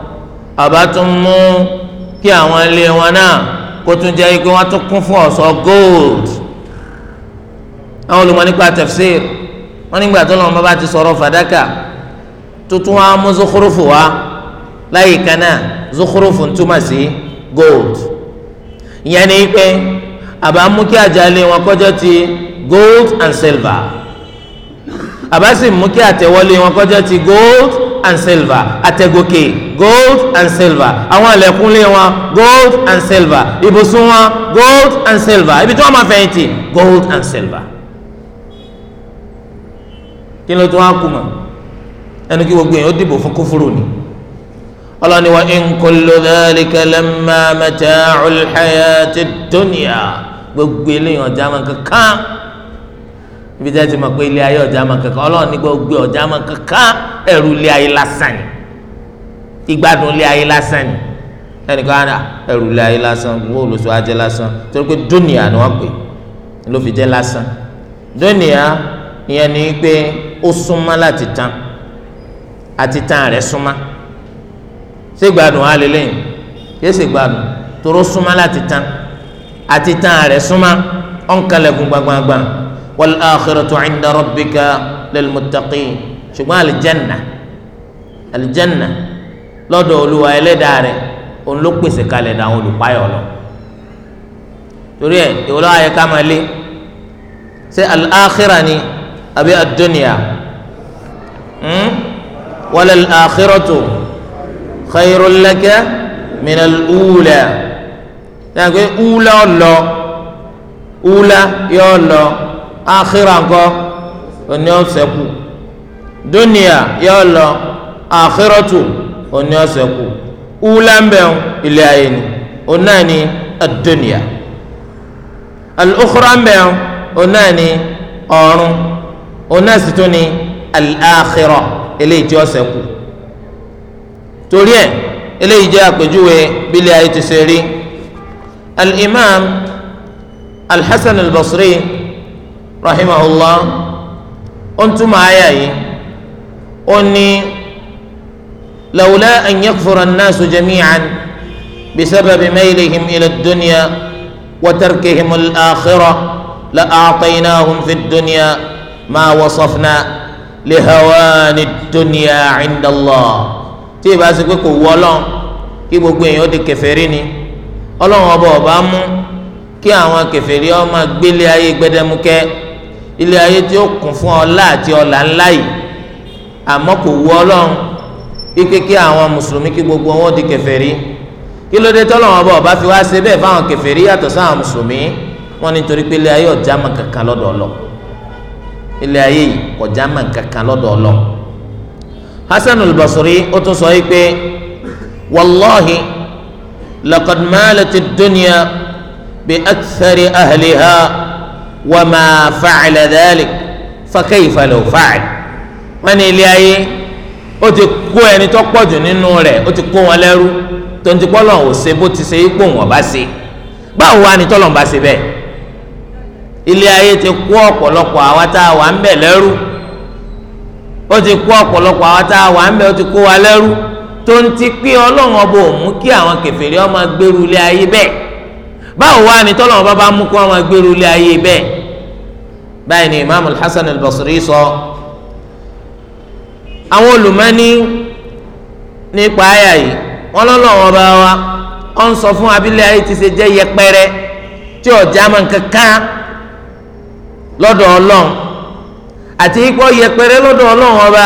[SPEAKER 1] ọba tún mú kí àwọn ilé wọn náà kó tún jẹ́ pé wọ́n tún kún fún ọ̀ṣọ́ gold àwọn olùmọ̀ nípa tafsir wọ́n nígbà tó lọ́wọ́ bá ti sọ̀rọ̀ fàdákà tuntun wa mú zukurufu wa láyé kan náà túmọ̀ sí gold ìyẹn ni pé àbá mú kí àjálẹ̀ wọn kọjọ́ ti gold and silver àbá sì mú kí àtẹ̀wọlé wọn kọjọ́ ti gold and silver àtẹ̀gòkè gold and silver àwọn àlẹ̀kùnlé wọn gold and silver ibùsùn wọn gold and silver ibi tí wọ́n máa fẹ̀yìntì gold and silver kí ló tó wá kú mọ́ ẹnu kí gbogbo yẹn ó dìbò fún kófóró ni ọlọ́ni wa in kullu dhalika lamma mata'ul hayatid dunya gbogbo eléyìí ọjà máa kankan ibi tẹ́ ti mọ̀ pé ilé ayé ọ̀já máa kankan ọlọ́run ní gbogbo ọ̀já máa kankan ẹ̀rù ilé ayé lásán ni ìgbádùn ilé ayé lásán ni ẹnìkan ara ẹ̀rù ilé ayé lásán wọ́n olùsọ ajẹ́ lásán torí pé dúnìá ni wọ́n pè ló fi jẹ́ lásán dúnìá ìyẹn ni pé ó súnmọ́ láti tán àti tán rẹ̀ súnmọ́ ṣé ìgbádùn á lélẹ́yìn yéé ṣe ìgbádùn toró súnmọ́ láti tán àti tán rẹ̀ súnmọ́ ọ̀nkalẹ̀kùn والآخرة عند ربك للمتقين شو muttaqin الجنة alìjẹ́nà alìjẹ́nà lọ́dọ̀ olúwa ẹlẹ́dàá rẹ̀ òun ló pèsè kalẹ̀ dàwọn olùpáyọ̀ lọ torí ẹ ìwọlọ ayé ká máa lé ṣé al-akhira ni àbí ad-dunya wala al-akhiratu khayrun laka min al-ula yàgbé ula ọlọ ula yọ ọlọ àkírà ńkọ́ òní ọ̀sẹ̀ kù dúnìyà yóò lọ àkírọ̀tù òní ọ̀sẹ̀ kù wúlẹ́ńbẹ̀ọ́ ilé ayé ni ọ̀nà ni àdúnìyà al-ukhra ńbẹ̀ọ́ ọ̀nà ni ọ̀run ọ̀nà sì tún ni al-akhira eléyìí tí ọ̀sẹ̀ kù eléyìí jẹ́ àpèjúwe bílẹ̀ ayé ti ṣe rí al-imam al-hasan al-basri. al imam al rahimahullah ó ń túmọ̀ àyà yìí ó ní lawla an yakfura an-nasu jami'an bisababi maylihim ila ad-dunya wa tarkihim al-akhirah la a'taynahum fi ad-dunya ma wasafna lihawani ad-dunya 'inda Allah tí ìbá ṣe pé kò wọ́lọ́ kí gbogbo èèyàn di kèfèrí ni ọlọ́run ọba ọba mú kí àwọn kèfèrí ó máa gbélé ayé gbẹdẹmukẹ́ ilé ayé tí ó kún fún ọlá àti ọlà ńlá yìí àmọ́ kò wù Ọlọ́run ike kí àwọn mùsùlùmí kí gbogbo wọn di kèfèrí kí ló dé tọ́lọ̀ wọn bọ̀ ọba fi wá ṣe bẹ́ẹ̀ fáwọn kèfèrí yàtọ̀ sáwọn mùsùlùmí wọn nítorí pé ilé ayé ọ̀já mọ̀ kankan lọ́dọ̀ ọlọ ilé ayé yìí ọ̀já mọ̀ kankan lọ́dọ̀ ọlọ. Hasan al ó tún sọ yìí pé wàlláhi laqad malat ad-dunya bi wa ma fa'ala dhalik fa kayfa law fa'al ilé ayé ó ti kó ẹni tó pọ̀jù nínú rẹ̀ ó ti kó wọn lẹ́rú tó ń ti pọ́lọ̀ ò se bó ti se ipò wọn bá gbaa báwo wá ni tọ́lọ̀ ń bá ṣe bẹ́ẹ̀ ilé ayé ti kó ọ̀pọ̀lọpọ̀ àwa tá a wà ń bẹ̀ lẹ́rú ó ti kó ọ̀pọ̀lọpọ̀ àwa tá a wà ń bẹ̀ ó ti kó wa lẹ́rú tó ń báwo wá ni tọ́lọ́wọ́n bá bá mú kó àwọn agbèrú ilé ayé bẹ́ẹ̀ báyìí ni imaamu hasan al-basri sọ àwọn olùmọ́ni nípa àyà yìí wọ́n lọ́lọ́wọ́n bá wa ó ń sọ fún abílẹ̀ ayé ti ṣe jẹ́ yẹpẹrẹ tí ọ̀já máa ń kankan lọ́dọ̀ ọlọ́run àti ikú yẹpẹrẹ lọ́dọ̀ ọlọ́run ọba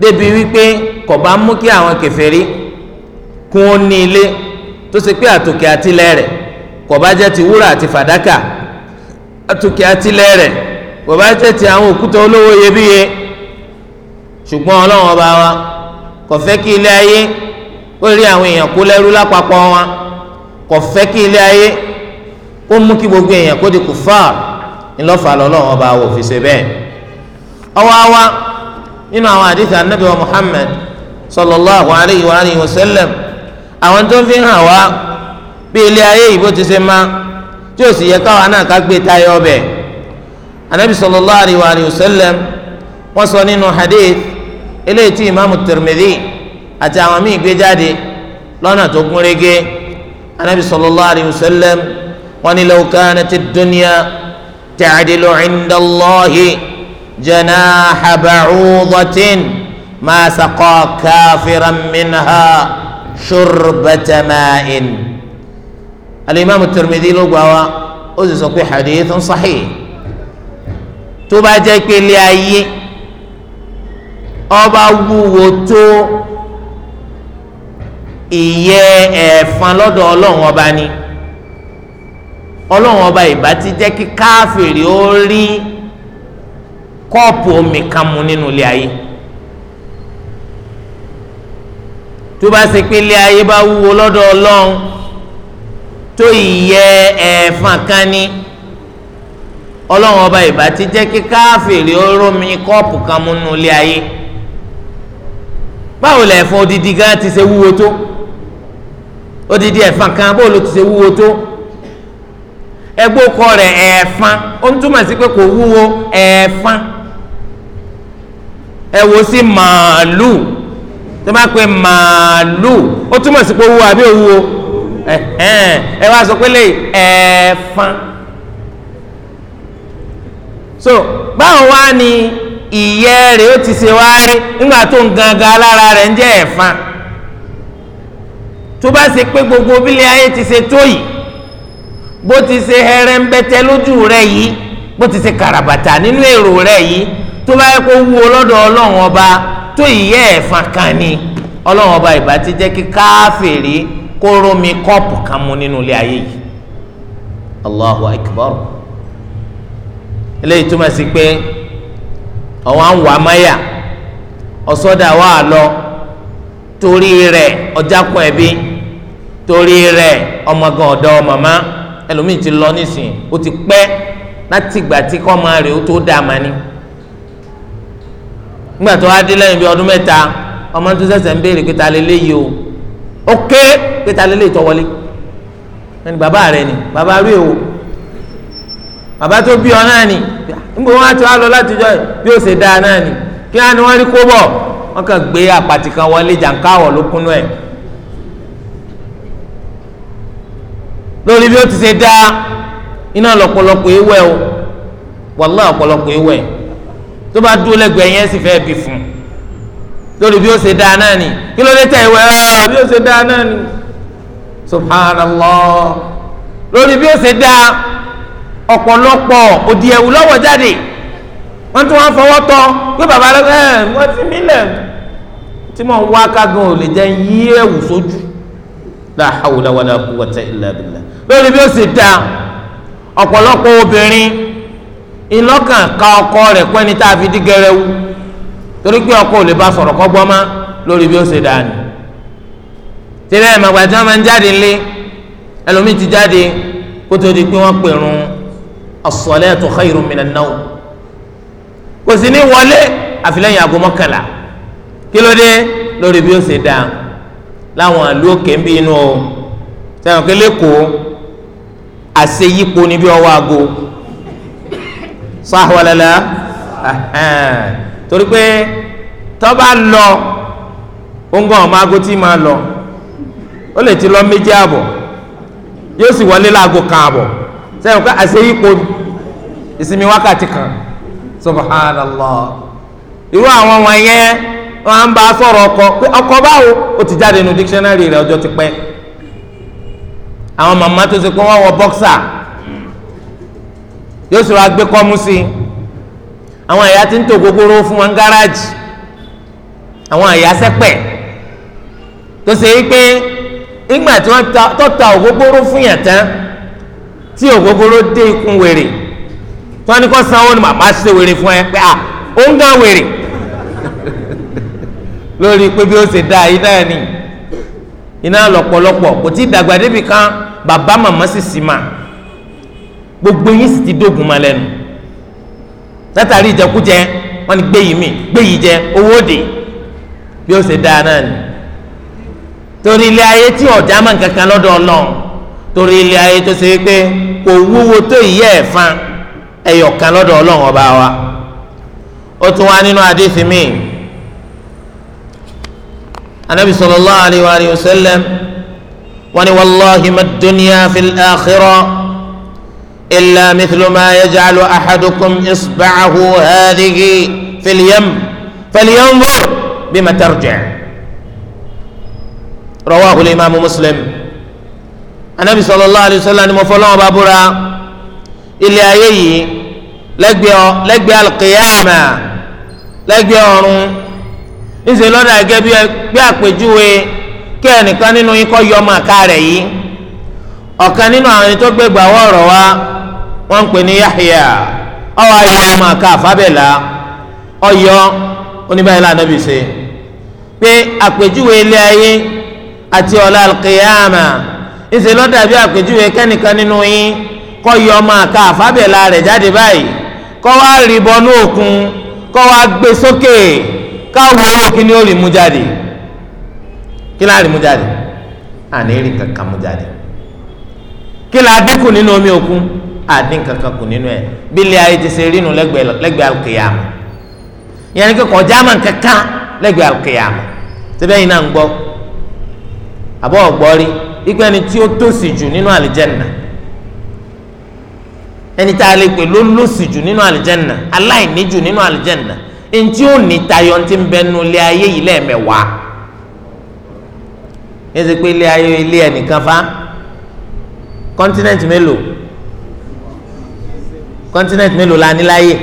[SPEAKER 1] débi wípé kò bá mú kí àwọn kèfèrí kún ó ní ilé tó ṣe pé àtòkè àtìlẹ́ kò bá jẹ́ ti wúrà àti fàdákà atukẹ atilẹ rẹ kò bá jẹ́ ti àwọn òkúta olówó iyebíye ṣùgbọ́n Ọlọ́run ọba wa kò fẹ́ kí ilé ayé kó rí àwọn èèyàn kó lẹ́rú lápapọ̀ wa kò fẹ́ kí ilé ayé kó mú kí gbogbo èèyàn kó di kùfàr ńlọfà lọ́lọ́run ọba wa òfin ṣe bẹ́ẹ̀ ọwọ́ nínú àwọn àdìsí anabi wa Muhammad sallallahu alayhi wa alihi wa sallam àwọn tó fi hàn wá bí ilé ayé yìí bó ti ṣe má tí ó sì yẹ káwa náà ká gbé tayọ ọbẹ̀ anabi sallallahu alayhi wa sallam wọ́n sọ nínú hadith eléyìí tí imaamu tirmidhi àti àwọn míì gbé jáde lọ́nà tó gún régé anabi sallallahu alayhi wa sallam wọ́n ní law kanati dunya ta'dilu inda Allahi janaha ba'udatin ma saqa kafiran الإمام الترمذي لو gbà wá ó sì sọ pé hadithun sahih tó bá jẹ́ pé ilé ayé ọba wúwo tó ìyẹ́ ẹ̀fọn lọ́dọ̀ ọlọ́run ọba ni ọlọ́run ọba ìbá ti jẹ́ kí káfíìrì ó rí kọ́ọ̀pù omi kan mu nínú ilé ayé tó bá ṣe pé ilé ayé bá wúwo lọ́dọ̀ ọlọ́run tó ìyẹ́ ẹ̀ẹ̀fọn kan ní ọlọ́run ọba ìbá ti jẹ́ kí káfíìrì orómi kọ́ọ̀pù kan múnú ilé ayé báwo lẹ̀ ẹ̀fọn odidi gan ti ṣe wúwo tó odidi ẹ̀fọn kan báwo ló ti ṣe wúwo tó ẹgbẹ́ kọ rẹ̀ ẹ̀ẹ̀fọn ó ń túmọ̀ sí pé kò wúwo ẹ̀ẹ̀fọn ẹ wo sí màálù tó bá pe màálù ó túmọ̀ sí pé owó àbí owó Eh, eh, ẹ wá sọ pé lè so báwo wá ni ìyẹ́ rẹ̀ ó ti ṣe to nígbà tó ń gangan lára rẹ̀ ń jẹ́ ẹ̀fán tó bá ṣe pé gbogbo obili ayé ti ṣe tó yìí bó ti ṣe hẹrẹ́ńbẹ́tẹ́ lójú rẹ̀ yìí bó ti ṣe kàràbàtà nínú èrò rẹ̀ yìí tó bá yẹ kó wú ọ lọ́dọ̀ ọlọ́run ọba tó ìyẹ́ ẹ̀fán kan ni ọlọ́run ọba ìbá ti jẹ́ kí káfíìrì kó rómi kọ́ọ̀pù kan mu nínú ilé ayé yìí allahu akbar eléyìí túmọ̀ sí pé ọ̀wọ́n àwọn àmáyà ọ̀sọ́dà wà lọ torí rẹ̀ ọjàkùn ẹ̀bí torí rẹ̀ ọmọgàn ti lọ nísìnyí ó ti pẹ́ láti ìgbà tí kọ́mọ rẹ̀ ó tó dà mà ní nígbà tó wá dé lẹ́yìn ta lè léyìí o pé ta lè lè tọ́ wọlé ẹni bàbá rẹ ni bàbá rí èwo bàbá tó bí ọ náà ni nígbà wọn àti wàá lọ láti jọ bí ó ṣe dáa náà ni kí wọn ni wọn rí kó bọ wọn kàn gbé àpàtì kan wọlé jàǹkáwọ ló kúnú ẹ lórí bí ó ti ṣe dáa iná lọ́pọ̀lọpọ̀ ewé o wàlá ọ̀pọ̀lọpọ̀ ewé tó bá dúró lẹ́gbẹ̀ẹ́ yẹn sì fẹẹ bí fún lórí bí ó ṣe dáa náà ni kí ló dé tẹ ìwé ọ bí ó ṣe dáa náà ni. subhanallah lórí bí o ṣe dá ọ̀pọ̀lọpọ̀ òdì ẹ̀wù lọ́wọ́ jáde wọ́n tún wọ́n fọwọ́ tọ́ pé bàbá rẹ ẹ̀ wọ́n ti mí lẹ̀ tí mò ń wá kágan ò lè jẹ́ yí ẹ̀wù sójú ọkọ rẹ̀ pẹ́ni tá a ọkọ ò lè bá sọ̀rọ̀ kọ́gbọ́n má lórí tẹ́lẹ̀ ẹ̀ màgbà tí wọ́n máa ń jáde ńlé ẹlòmíì ti jáde kó tó di pé wọ́n pèrún as-salatu khayrun minan nawm kò sí ní wọlé àfilẹ́yìn aago mọ́kànlá kí ló dé lórí bí ó ṣe dáa láwọn àlú òkè ń bí inú o sẹ́wọ̀n kí lẹ́kọ̀ọ́ àṣeyípo ni bí ọwọ́ aago sah walala torí pé tọ́ba lọ ó ń gbọ́n ọmọ aago tí máa lọ. o le ti lọ méjì àbọ̀ yóò sì wọlé láago kan àbọ̀ sẹ́yìn pé àṣeyípo ìsinmi wákàtí kan subhanallah irú àwọn wọ̀nyẹn wọn à ń bá a sọ̀rọ̀ ọkọ ọkọ báwo o ti jáde nu dictionary ti pẹ́ àwọn màmá tó ṣe pé wọ́n wọ bọ́ksà yóò sì wá gbé kọ́mú sí àwọn àyà ti ń tò gogoro fún ìgbà tí wọ́n tọ́ta ògógóró fún yàn tán tí ògógóró dé ikùn wèrè tí wọ́n ní kó sanwó ni màmá ṣe wèrè fún ẹ pé à ó ń gán wèrè lórí pé bí ó ṣe dá iná ẹ ní iná lọ́pọ̀lọpọ̀ kò tí ì dàgbà débi kan bàbá màmá sì sì máa gbogbo yín sì ti dógun ma lẹ́nu látàrí ìjẹkújẹ wọ́n ní gbé yìí mi gbé yìí jẹ owó òde bí ó ṣe dáa náà ni torí ilé ayé tí ọ̀dà máa ń kankan lọ́dọ̀ ọlọ́run torí ilé ayé tó ṣe pé kò wúwo tó ìyẹ́ ẹ̀fọn ẹ̀yọ̀kan lọ́dọ̀ ọlọ́run ọba wa ó tún wá nínú hadith mi anabi sallallahu alayhi wa sallam wani wàllahi ma dunya fil akhira illa mithlu ma yaj'alu ahadukum isba'ahu hadhihi fil yam fal yanzur bima tarji'. rọwa al-imam muslim anabi sallallahu alayhi wa sallam ni mo fọlọ́n ọba búra ilé ayé yìí lẹ́gbẹ̀ẹ́ alqiyama lẹ́gbẹ̀ẹ́ ọ̀run ńṣe lọ́dà bí àpèjúwe kí ẹnìkan nínú yín kọ́ yọ ọmọ àká rẹ̀ yìí ọ̀kan nínú àwọn ẹni tó gbégbá wọ̀ọ̀rọ̀ ayé ọmọ àká ọyọ ṣe pé àpèjúwe ilé àti ọ̀la alqiyama ìṣe ló dàbí àpèjúwe kẹ́nìkan nínú yín kọ́ yọ ọmọ àka àfábẹ́lá rẹ̀ jáde báyìí kọ́ wá rí bọnú òkun kọ́ wá gbé sókè káwọ́ kí ni ó rí mú jáde kí láà rí mú jáde àní rí kankan mú jáde kí láà dínkù nínú omi òkun àdín kankan kù nínú ẹ bílẹ̀ ayé ti ṣe rínu lẹ́gbẹ̀ẹ́ alqiyama yẹn ni kò kọjá mọ̀ kankan lẹ́gbẹ̀ẹ́ alqiyama síbẹ̀ yìí náà ń gbọ́ àbọ̀ ọ̀gbọ́rí ikú ẹni tí ó tòṣì jù nínú àlìjẹ́nà ẹni tá a lè pè ló lòṣì jù nínú àlìjẹ́nà aláìní jù nínú àlìjẹ́nà ẹni tí ó ní tayọ ti ń bẹ nu ilé ayé yìí lẹ́ẹ̀mẹ̀wàá yẹn ti pé ilé ayé ilé ẹnìkan fa kọ́ńtínẹ́ǹtì mélòó kọ́ńtínẹ́ǹtì mélòó la ní láyé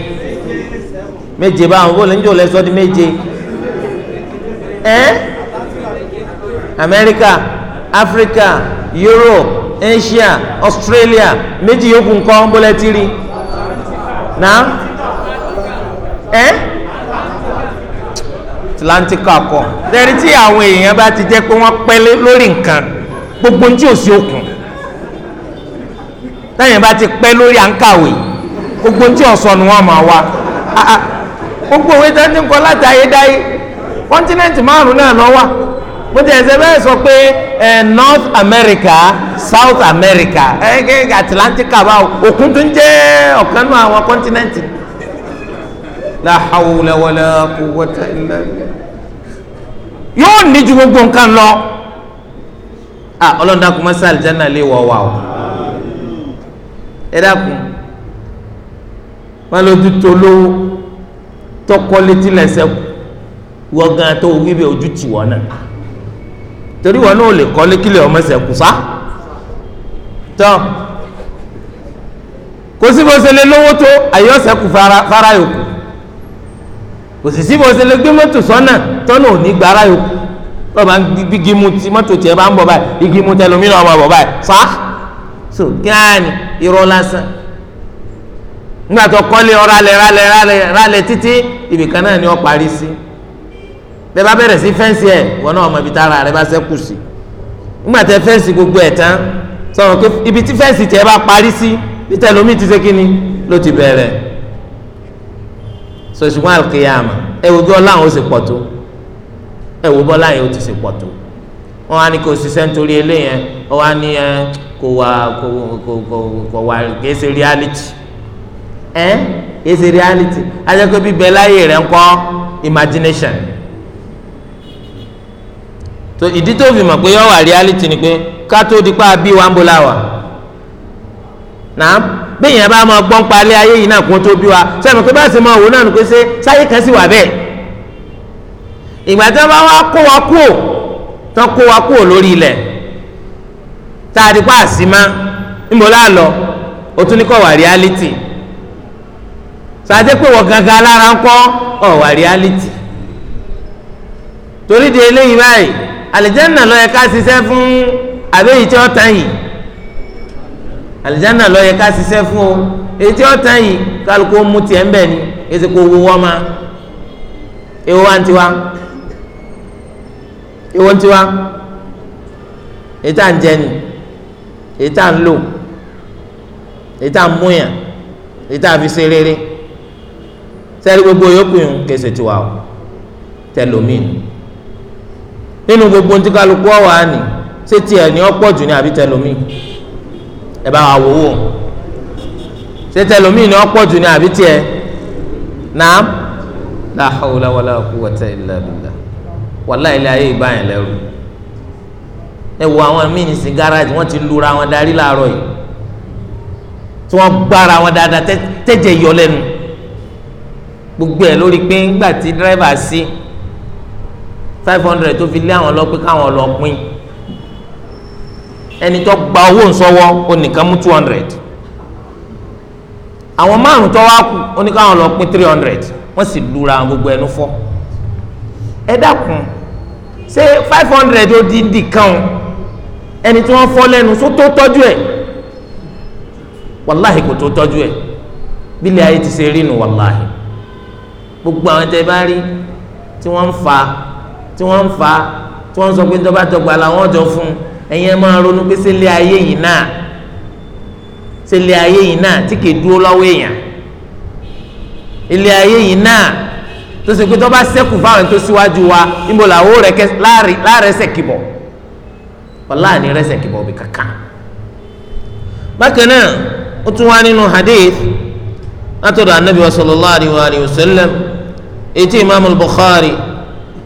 [SPEAKER 1] méje báwọn bó lè ń jò lẹ́sọ́ di méje ẹ́. Eh? amẹ́ríkà áfíríkà europe asia australia méjì yòókù ńkọ́ bọ́lẹ̀ tí na eh? atlantika kọ lẹ́rìí tí àwọn èèyàn bá ti jẹ́ pé wọ́n pẹ́lẹ́ lórí nǹkan gbogbo ní tí ò sí òkun táyìn bá ti pẹ́ lórí à ń kàwé gbogbo ní tí ò sọnù wọn máa wá gbogbo òwe tó ń kọ́ láti ayédáyé kọ́ńtínẹ́ǹtì márùn-ún náà lọ́wọ́ mo ti ẹsẹ bẹ́ẹ̀ sọ pé ẹ North America South America ẹ ẹ Atlantic báwo òkun tó ń jẹ ọ̀kan náà àwọn kọ́ńtínẹ́ǹtì la hawla wala quwwata illa billah yóò ní ju gbogbo nǹkan lọ ah ọlọ́dún dákun mọ́sá àlìjáná lè wọ̀ wá o ẹ dákun wọn lọ tún tó lówó tọkọ létí lẹsẹ wọgán tó wíwẹ ojú tì wọn náà torí wọn náà lè kọ́ lékílẹ̀ ọmọ ẹsẹ̀ kù sá tọ́ kò sí bó ṣe lè lówó tó àyè ọ̀sẹ̀ kù fara yòókù kò sì sí bó ṣe lè gbé mọ́tò sọ́nà tọ́nà ò ní gbára yòókù tó bá ń gbí gimu tí mọ́tò tiẹ̀ bá ń bọ̀ báyìí igi mu tẹlómìnà ọmọ bọ̀ báyìí sá so gíláàni irọ́ lásán nígbà tó kọ́lé ọ rálẹ̀ rálẹ̀ rálẹ̀ títí ibìkan náà ni ọ parí sí bẹ́ẹ̀ bá bẹ̀rẹ̀ sí fẹ́ǹsì ẹ̀ wọn náà ọmọ ibi tára rẹ bá sẹ́kù sí nígbà tẹ fẹ́ǹsì gbogbo ẹ̀ tán sọ̀rọ̀ pé ibi tí fẹ́ǹsì tẹ bá parí sí bí tẹlomi ti ṣe kí ni ló ti bẹ̀rẹ̀ sọ̀ṣùgbọ́n àlùkìyàmà ẹ wo bí ọlá àwọn ó ṣe pọ̀ tó ẹ wo bọ́lá yẹn ó ti ṣe pọ̀ tó wọn á ní kò ṣiṣẹ́ nítorí eléyẹn wọn á ní ẹ kò wá kò kò kò kò wá kìí ṣe reality ẹ kìí ṣe reality ajẹ́ pé bíbẹ láyé rẹ̀ ń kọ́ imagination. tó ìdí tó fi mọ̀ pé yọ wà reality ni pé ká tó di pa bí wa ń bo náà bẹ́ẹ̀yìn máa gbọ́n ayé yìí náà kó tó bí wa sẹ́mi pé máa wò náà pé sáyé kan sì wà bẹ́ẹ̀ ìgbà tí wọ́n bá wá kó wa kúò tán kó wa kúò lórí ilẹ̀ tá a di pa àsìmá ń bo láàlọ́ o tún ní kọ́ wà reality sàdé pé wọ́n gangan lára di eléyìí báyìí. àlìjáná ló yẹ ká ṣiṣẹ́ fún àbí èyí tí ó tán yìí àlìjáná ló yẹ ká ṣiṣẹ́ fún o tí ó tán yìí kálukú mú tiẹ̀ ń ni èsì kò wú wọ́n ma ewu wa ń tiwa ewu ń tiwa èyí tá à ń jẹ ni èyí tá à ń lò fi ṣe rere sẹ́ẹ̀rí gbogbo yòókù yìí kèsè tiwa o tẹlomi nínú gbogbo ní kálukú ọ̀wà ni ṣé tiẹ̀ ní ọ̀pọ̀ jù ní àbí tẹlomi ẹ bá wa wò ó ṣé tẹlomi ní ọ̀pọ̀ jù ní àbí tiẹ̀ náà la hawla wala quwwata illa billah wallahi ilé ayé ìbáyẹn lẹ́rù ẹ wo àwọn míì ní sí gáràjì wọ́n ti lura wọn darí láàárọ̀ yìí tí wọ́n gbára wọn dáadáa tẹ́jẹ̀ yọ lẹ́nu gbogbo ẹ̀ lórí pé ńgbà tí dírẹ́fà sí. Si five hundred tó fi lé àwọn lọ pé káwọn lọ pín ẹni tó gba owó nsọwọ́ ó nìkan mú two hundred àwọn márùn tó wá kù ó ní káwọn lọ pín three hundred wọ́n sì lura gbogbo ẹnu fọ́ ẹ dákun ṣé five hundred ó di dìkan ẹni tí wọ́n fọ́ lẹ́nu só tó tọ́jú ẹ̀ wàláhì kò tó tọ́jú ẹ̀ bílẹ̀ ayé ti ṣe rí nu wàláhì gbogbo àwọn tẹ bá rí tí wọ́n ń fa tí wọ́n ń fa tí wọ́n ń sọ pé dọ́gbàdọ́gba làwọn jọ fún ẹ̀yin ẹ̀ máa ronú pé sílé ayé yìí náà sílé ayé yìí náà tí kìí dúró lọ́wọ́ èèyàn ilé ayé yìí náà tó ṣe pé tó bá sẹ́kù fáwọn tó síwájú wa níbo làwọn láàrẹsẹ̀ kìbọ̀ ọ̀làní rẹsẹ̀ kìbọ̀ bí kankan. bákan náà ó tún wá nínú hadith látọ̀dọ̀ anabi wa sallallahu alayhi wa sallam etí imaamu bukhari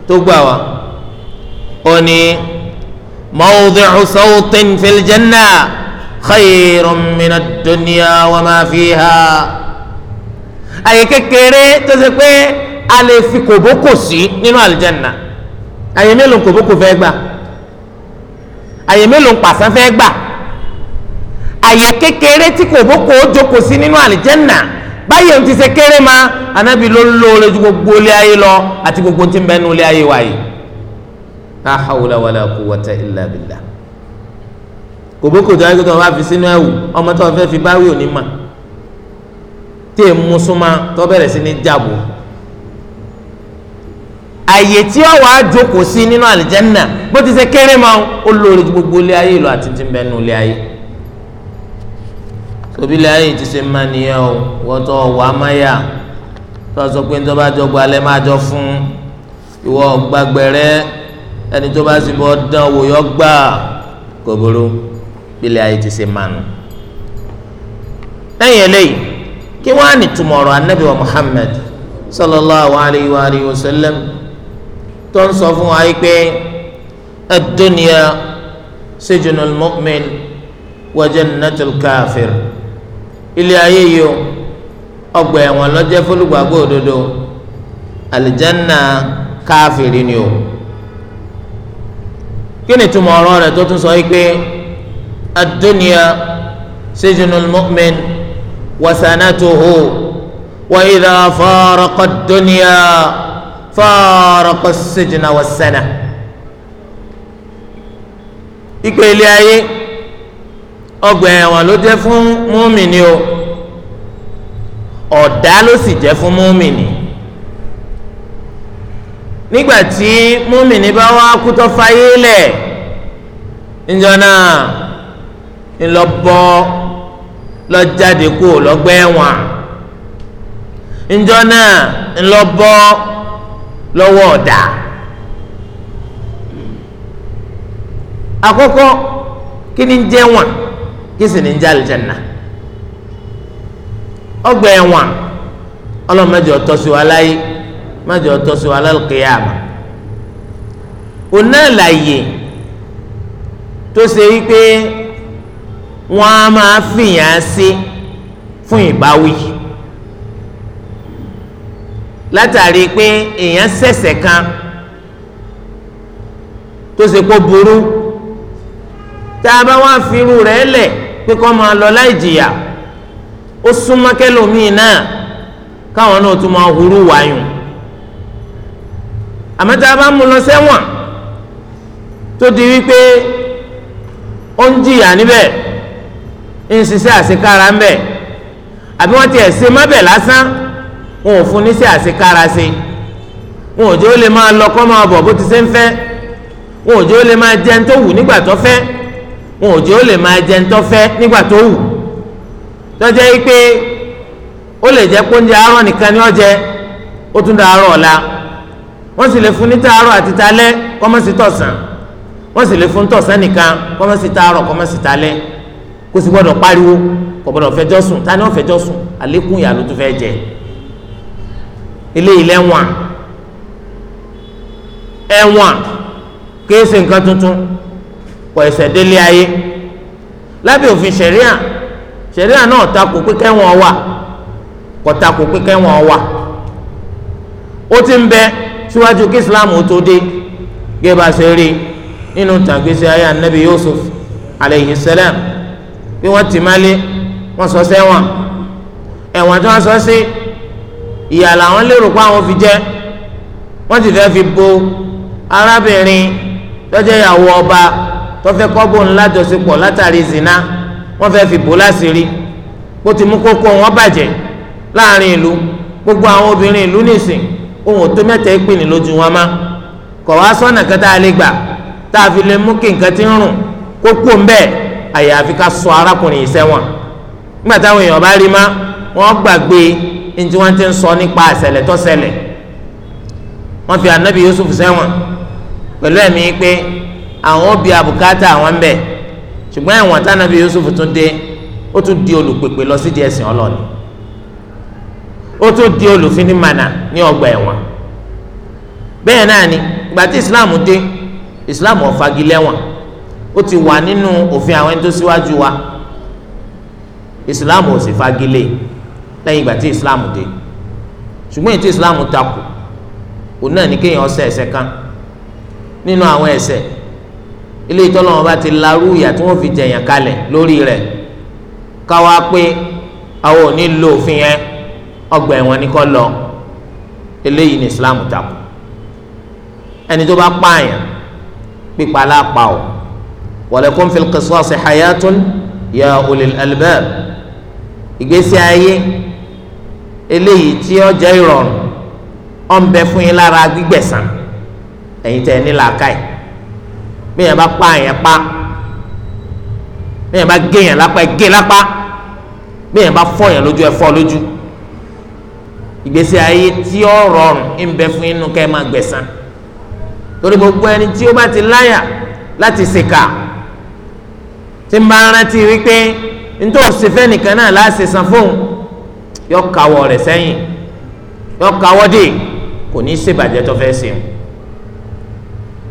[SPEAKER 1] tó gbà wá ó ní mawdi'u sawtin fil janna khayrun minad dunya wa ma fiha àyè kékeré tó ṣe pé a lè fi kòbókò sí nínú àlùjánnà àyè mélòó kòbókò fẹ́ gbà àyè mélòó pàṣẹ fẹ́ gbà àyè kékeré tí kòbókò jókòó sí nínú àlùjánnà báyìí ohun ti ṣe kéré ma anabi ló lóore ju gbogbo ilé ayé lọ àti gbogbo ti ń bẹ nu ilé ayé wa yìí la hawla wala quwwata illa billah kòbókò tó ayé tó wọn bá fi sínú ẹ̀wù ọmọ tó wọn fẹ́ fi báwí òní mà tí è mú súnmọ́ tó bẹ̀rẹ̀ sí ní jàbọ àyè tí ó wàá jókòó sí nínú àlìjẹ́nà bó ti ṣe kéré ma ó lóore ju gbogbo ilé ayé lọ àti ti ń bẹ nu ilé ayé tóbi lè ayé ti ṣe má nìyẹn o wọ́n tó wà máyà tó a sọ pé tó bá jọ gba alẹ́ máa jọ fún ìwọ gbàgbẹ́rẹ́ ẹni tó bá sì bọ́ dán wò yọ gbà kòbóró bílẹ̀ ayé ti ṣe má lẹ́yìn eléyìí kí wọ́n á ní túmọ̀ ọ̀rọ̀ anabi wa sallallahu alayhi wa alayhi wa sallam tó ń sọ fún wa yìí pé ad-dunya mu'min wa jannatul kafir ilé ayé yìí o ọgbà ẹ̀wọ̀n lọ́jẹ́ fólùgbàgbọ́ òdodo àlìjánná káfìrí ni o kí ni túmọ̀ ọ̀rọ̀ rẹ̀ tó tún sọ yìí pé adúniya sijnul mu'min wasanatuhu wa idha faraqa adúniya faraqa sijna wasana ìpè ilé ayé ọgbà ẹ̀wọ̀n ló jẹ́ fún múmìnì o ọ̀dá ló sì jẹ́ fún múmìnì nígbà tí múmìnì bá wá kú tó fayé lẹ̀ níjọ́ náà ńlọ bọ́ lọ jáde kú lọ́gbà ẹ̀wọ̀n níjọ́ náà ńlọ bọ́ lọ́wọ́ ọ̀dà àkọ́kọ́ kí ni ń jẹ́ wọn kí sì ní ń já àlùjánnà ọgbà ẹ̀wọ̀n ọlọ́run má jẹ́ ó tọ́ sí wa láyé má jẹ́ ó tọ́ sí wa lálùkìyàmà ọ̀nà àlàyé tó ṣe wípé wọ́n á máa fìyàn sí fún ìbáwí látàrí pé èèyàn ṣẹ̀ṣẹ̀ kan tó ṣe kó burú tá a bá wá fi irú rẹ̀ lẹ̀ pé kọ́ máa lọ láì jìyà ó súnmọ́ kẹlòmíì náà káwọn náà tún máa hurú wáyùn àmọ́ tá a bá mú lọ sẹ́wọ̀n tó di wípé ó ń jìyà níbẹ̀ ń ṣiṣẹ́ àṣekára ń bẹ̀ àbí wọ́n ti ẹ̀ ṣe mọ́bẹ̀ lásán wọn ò fún níṣẹ́ àṣekára ṣe wọn ò jẹ́ ó lè máa lọ kọ́ máa bọ̀ bó ti ṣe ń fẹ́ wọn ò jẹ́ ó lè máa jẹun tó wù nígbà tó fẹ́ wọn ò jẹ́ ó lè máa jẹ ńtọ́fẹ́ nígbà tó wù tọ́jà yìí pé ó lè jẹ́ pé oúnjẹ àárọ̀ nìkan ni ó jẹ ó tún da àárọ̀ ọ̀la wọ́n sì lè fún ní tàárọ̀ àti talẹ́ kọ́mọ́sí tọ̀sán wọ́n sì lè fún tọ̀sán nìkan kọ́mọ́sí tàárọ̀ kọ́mọ́sí sì gbọ́dọ̀ pariwo kò gbọ́dọ̀ tani ó àlékún fẹ́ jẹ ẹ̀wọ̀n nǹkan tuntun kọ ẹsẹ̀ délé ayé lábẹ́ òfin ṣẹ̀ríà ṣẹ̀ríà náà takò pé kẹ́wọ̀n wà kò takò pé kẹ́wọ̀n wà ó ti ń bẹ síwájú kí islam tó dé gẹ́gẹ́ ṣe rí nínú anabi yusuf aleyhi bi bí wọ́n ti máa lé wọ́n sọ sẹ́wọ̀n ẹ̀wọ̀n tí wọ́n sọ sí ìyà làwọn lérò pé àwọn fi je, wọ́n ti fẹ́ fi bo arábìnrin tó ìyàwó ọba tó fẹ́ kọ́bù ńlá jọsìpọ̀ látàrí zina wọ́n fẹ́ fi bò láṣìírí bó ti mú kókó wọn bàjẹ́ láàrin ìlú gbogbo àwọn obìnrin ìlú nìsín ohun tó mẹ́ta ìpìnì lójú wọn má kọ̀ wá sọ́nà kan tá a lè gbà tá a fi lè mú kí nǹkan ti ń rùn kókó ń bẹ́ẹ̀ àyàfi ká sọ arákùnrin yìí sẹ́wọ̀n nígbà táwọn èèyàn bá rí má wọ́n gbàgbé ní tí wọ́n ti ń sọ nípa àṣẹlẹ̀ tó ṣẹlẹ̀ wọ́n fi ànábì Yusuf sẹ́wọ̀n pẹ̀lú ẹ̀mí pé àwọn òbí abùkátà àwọn ń bẹ ṣùgbọ́n ẹ̀wọ̀n tánàbí Yusuf tún dé ó tún di olùpèpè lọ sí díẹ̀ sìn ọlọ́ni ó tún di olùfinimànà ní ọgbà ẹ̀wọ̀n bẹ́ẹ̀ náà ni ìgbà tí Islam dé Islam ò fagilẹ́wọ̀n ó ti wà nínú òfin àwọn ẹni tó síwájú wa Islam ò sì fagilé lẹ́yìn ìgbà tí Islam dé ṣùgbọ́n èyí Islam takò òun náà ní kéèyàn ọsẹ ẹ̀ṣẹ̀ kan nínú àwọn ẹ̀ṣẹ̀ ilé ìtọ́lọ́wọ́n bá ti larú ìyà tí wọ́n fi jẹ̀yàn kalẹ̀ lórí rẹ̀ káwa pé àwọn ò ní lo òfin yẹn ọgbà ẹ̀wọ̀n ni kó lọ eléyìí ní Islam takò ẹni tó bá pààyàn pípa aláàpá o walakum fil qisasi hayatun ya ulil albab ìgbésí ayé eléyìí tí ó jẹ́ ìrọ̀rùn ó fún yín lára gbígbẹ̀san ẹ̀yin tẹ̀ ní làákàyè bẹ́ẹ̀ bá pa àyàn pa bẹ́ẹ̀ bá gé yàn lápá ẹ gé lápá bẹ́ẹ̀ bá fọ́ yàn lójú ẹ fọ́ lójú ìgbésí ayé tí ó rọrùn ń bẹ fún inú kẹ́ ẹ máa gbẹ̀san torí gbogbo ẹni tí ó bá ti láyà láti ṣèkà tí ń bá rántí wípé nítorí òṣèfẹ́ nìkan náà láti san fóun yọ kawọ́ rẹ̀ sẹ́yìn yọ kawọ́ dé kò ní í ṣèbàjẹ́ tó fẹ́ ṣe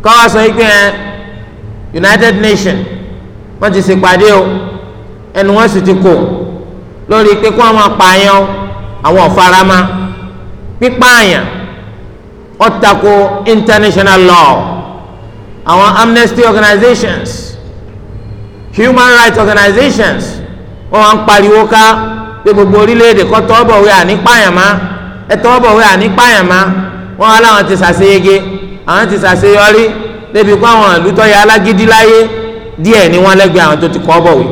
[SPEAKER 1] káwá sọ wípé ẹ United Nations wọ́n ti ṣèpàdé o ẹnu wọn sì ti kò lórí pé kó àwọn apààyàn àwọn ọ̀farama pípààyàn ọ̀tàkò international law àwọn amnesty organizations human rights organizations wọ́n wá ń pariwo ká pé gbogbo orílẹ̀-èdè kọ́ tọ́ bọ̀ wí àní pààyàn má ẹ tọ́ bọ̀ wí àní pààyàn má wọ́n wá láwọn ti ṣàṣeyege àwọn ti ṣàṣeyọrí débi kó àwọn àlùtọ́ yẹ alágídí láyé díẹ̀ ni wọ́n lẹ́gbẹ̀ẹ́ àwọn tó ti kọ́ bọ̀wé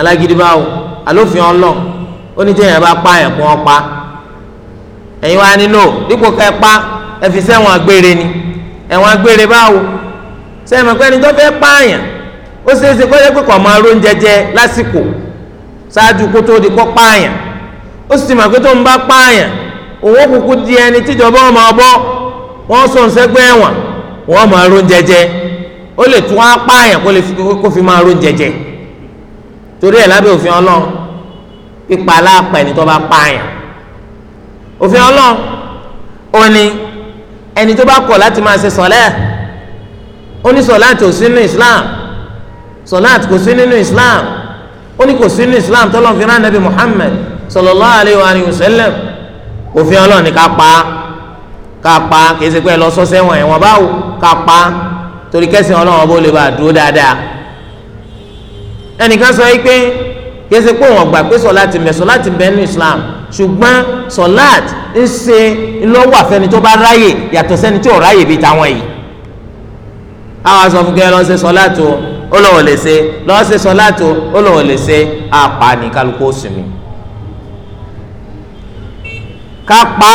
[SPEAKER 1] alágídí báwo alófin ọlọ́ ó ní bá pa ẹ̀kún ọ̀pá ẹ̀yin wa nílò dípò ká ẹ pa ẹ fi sẹ́wọ̀n agbére ni ẹ̀wọ̀n agbére báwo sẹ́wọ̀n pẹ́ni tó fẹ́ pààyàn ó ṣeé ṣe kó yẹ pé kò máa ró oúnjẹ jẹ lásìkò ṣáájú kó tó di kó pààyàn ó sì mà pé tó ń bá pààyàn òun ó kúkú di ẹni tíjọba ọmọ ọbọ wọn sọ ń sẹgbẹ́ wọ́n máa rún jẹjẹ ó lè tún apá àyàn kó fi máa rún jẹjẹ torí ẹ̀ lábẹ́ òfin ọlọ́run pípa aláàpá ẹni tó bá pa àyàn òfin ọlọ́run ó ní ẹni tó bá kọ̀ láti máa ṣe sọ̀lẹ́ ó ní sọ̀láàtì ò sí nínú Islam sọ̀láàtì kò sí nínú Islam ó ní kò sí nínú Islam tọ́lọ́ fi rán nàbí Muhammad sallallahu alayhi wa sallam òfin ọlọ́run ni ká pa ká pa kì í ṣe pé ẹ lọ sọ́sẹ́ wọn ẹ̀wọ̀n báwo kápá torí kẹsìn ọlọ́run ọba ó lè bá a dúró dáadáa ẹnìkan sọ yìí pé yẹsẹ pé wọn gbà pé sọláàtì mbẹ sọláàtì mbẹ nínú Islam ṣùgbọ́n sọláàtì ń ṣe ńlọ́wọ́ àfẹni tó bá ráyè yàtọ̀ sẹ́ni tí ò ráyè bíi táwọn yìí àwọn aṣọ fún kẹ́ lọ́ọ́ ṣe sọláàtì o ó lọ́wọ́ lè ṣe lọ́ọ́ ṣe sọláàtì o ó lọ́wọ́ lè ṣe àpàní kálukú sinmi kápá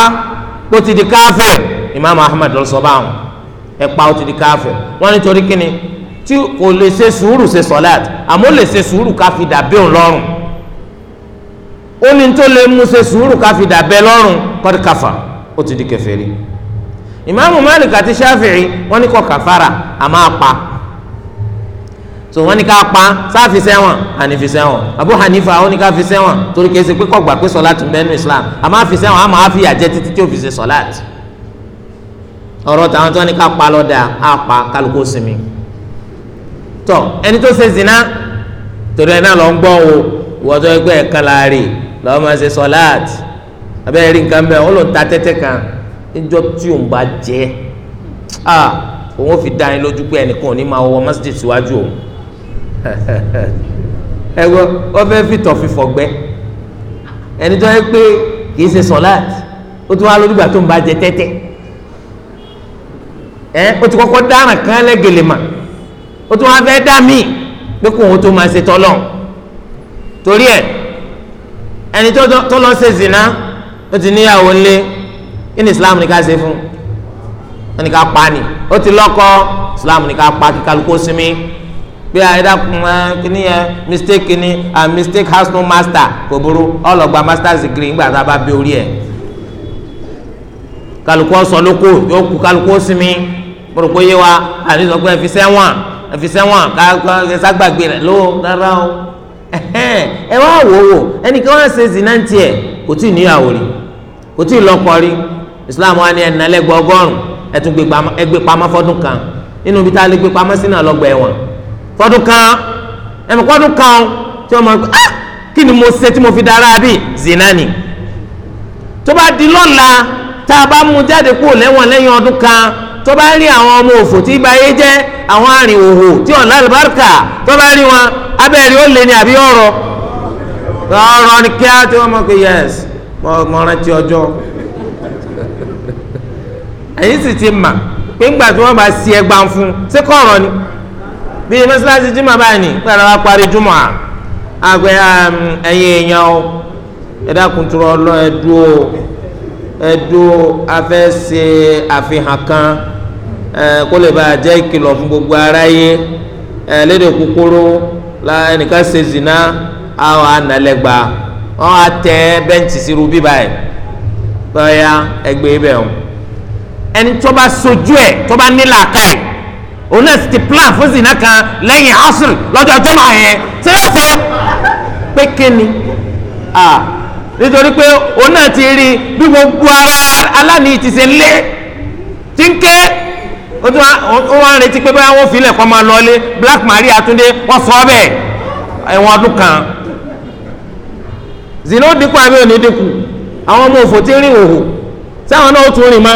[SPEAKER 1] kó ti di káfẹ́ Imam Ahmad lọ́sọ̀ báwọn ẹ̀pà ó di káfẹ̀ wọ́n ní torí kíni tí kò lè ṣe sùúrù ṣe sọ̀láàt àmọ́ lè ṣe sùúrù ká fi dàbẹ́ òun lọ́rùn ó ní tó lè mú ṣe sùúrù ká dàbẹ́ lọ́rùn kọ́dí káfà ó ti di kèfèrí ìmáàmù Malik àti Shafi'i wọ́n ní kọ́ kàfàrà àmọ́ apá so wọ́n ní ká pa sáfi sẹ́wọ̀n ànífi sẹ́wọ̀n Abu Hanifa wọ́n ní ká fi sẹ́wọ̀n torí kìí ṣe pé kọgbà pé sọláàtì ń bẹ nínú Islam àmọ́ àfi sẹ́wọ̀n àmọ́ àfi àjẹ títí tí ó fi ṣe sọláàtì ọ̀rọ̀ tàwọn tó ní ká pa lọ́dà á pa kálukú sinmi tọ ẹni tó ṣe zina torí ẹ náà lọ ń gbọ́ o ìwọ́n tó ẹgbẹ́ ẹ̀ka láàrè lọ́wọ́ máa ṣe sọ́láàt abẹ́rẹ́ rí nǹkan bẹ́ẹ̀ ó lọ ta tẹ́tẹ́ kan níjọ́ tí òun bá jẹ́ òun ò fi dá yín lójú pé ẹnìkan ò ní máa wọ masjid síwájú òun ẹ gbọ́ ọ fẹ́ fìtọ̀ fífọ̀ gbẹ́ ẹni tó yẹ pé kì í ṣe sọ́láàt ó tún wá lórí tó ń bá jẹ tẹ́tẹ́ ẹ o ti kọ́kọ́ dáràn kan lẹ́gẹ̀lẹ̀ mà o tún wá fẹ́ dá míì pé kò wọ́n tó máa ṣe tọ́lọ̀ torí ẹ ẹni tó lọ ṣe zina o ti níyàwó ńlé inú Islam ni ká ṣe fún wọn ni ká pa ni ó ti lọ́kọ Islam ni ká pa kí kálukú sinmi pé àyẹ̀dàkùn ẹ kíní ẹ mistake kíní a mistake has no master kò burú ọlọ́gba master's degree ńgbà tá a bá bẹ orí ẹ̀ kálukú ọ̀sán ló kù yóò kú kálukú ó sinmi mo rò pé yé wa àní sọ pé ẹ fi sẹ́wọ̀n ẹ fi sẹ́wọ̀n ká ẹ ságbàgbé rẹ̀ ló rárá o ẹ wá wò wò ẹnìkan wá ṣe zina ń tiẹ̀ kò tí ì níyàwó rí kò tí ì lọ́kọ rí Islam wa ni ẹ̀ nàlẹ́ gbọ́ ọgọ́rùn ẹ̀ tún gbé pamọ́ fọ́dún kan nínú ibi tá a lè gbé pamọ́ sínú àlọ́gbà ẹ̀wọ̀n fọ́dún kan ẹ̀mí fọ́dún kan tí wọ́n máa ń ah kí ni mo ṣe tí mo fi dára bí zina ni tó bá di lọ́la tá a bá mú jáde kúrò lẹ́wọ̀n lẹ́yìn ọdún kan tó bá rí àwọn ọmọ òfò tí ìbáyé jẹ́ àwọn arìnwòhò tí ọ̀nà àlùbáríkà tó bá rí wọn abẹ́rẹ́ ó lé ní àbí ọ̀rọ̀ ọ̀rọ̀ ni kíá tí wọ́n mọ̀ pé yes mo rántí ọjọ́ ẹ̀yìn sì ti mà pé ńgbà tí wọ́n bá si ẹgbà ń fún ṣé kọ́ ọ̀rọ̀ ni bí mọ́sálásí jùmọ̀ báyìí ní pẹ̀lú àwọn parí jùmọ̀ àgbẹ̀ um, ẹ̀yìn èèyàn o ẹ̀dákùntúrọ̀ ọlọ́ ẹ̀dúró ẹ̀dúró afẹ́ ṣe àfihàn kan kó lè bàa jẹ́ ìkìlọ̀ fún gbogbo aráyé lédè kúkúrú ẹnìkan ṣe zina àwọn ànálẹ́gba wọn á tẹ bẹ́ǹtì sí rubí báyìí bọ́yá ẹgbẹ́ ibẹ̀ e o ẹni tó bá sojú ẹ̀ tó bá nílà káì òun náà sì ti plan fún zina kan lẹ́yìn asr lọ́jọ́ ọjọ́ náà yẹn ṣé yóò ṣe pé kíni nítorí pé òun náà ti rí bí gbogbo ara aláàní ti ṣe lé tí ń ké ó tún wá ń retí pé báyà wọ́n fi kọ́ máa lọ Black Maria Túndé wọ́n sọ bẹ́ẹ̀ ẹ̀wọ̀n ọdún kan zina ó dínkù àbí òní dínkù àwọn ọmọ òfò tí ń rìn òhò sáwọn náà ó tún rìn mọ́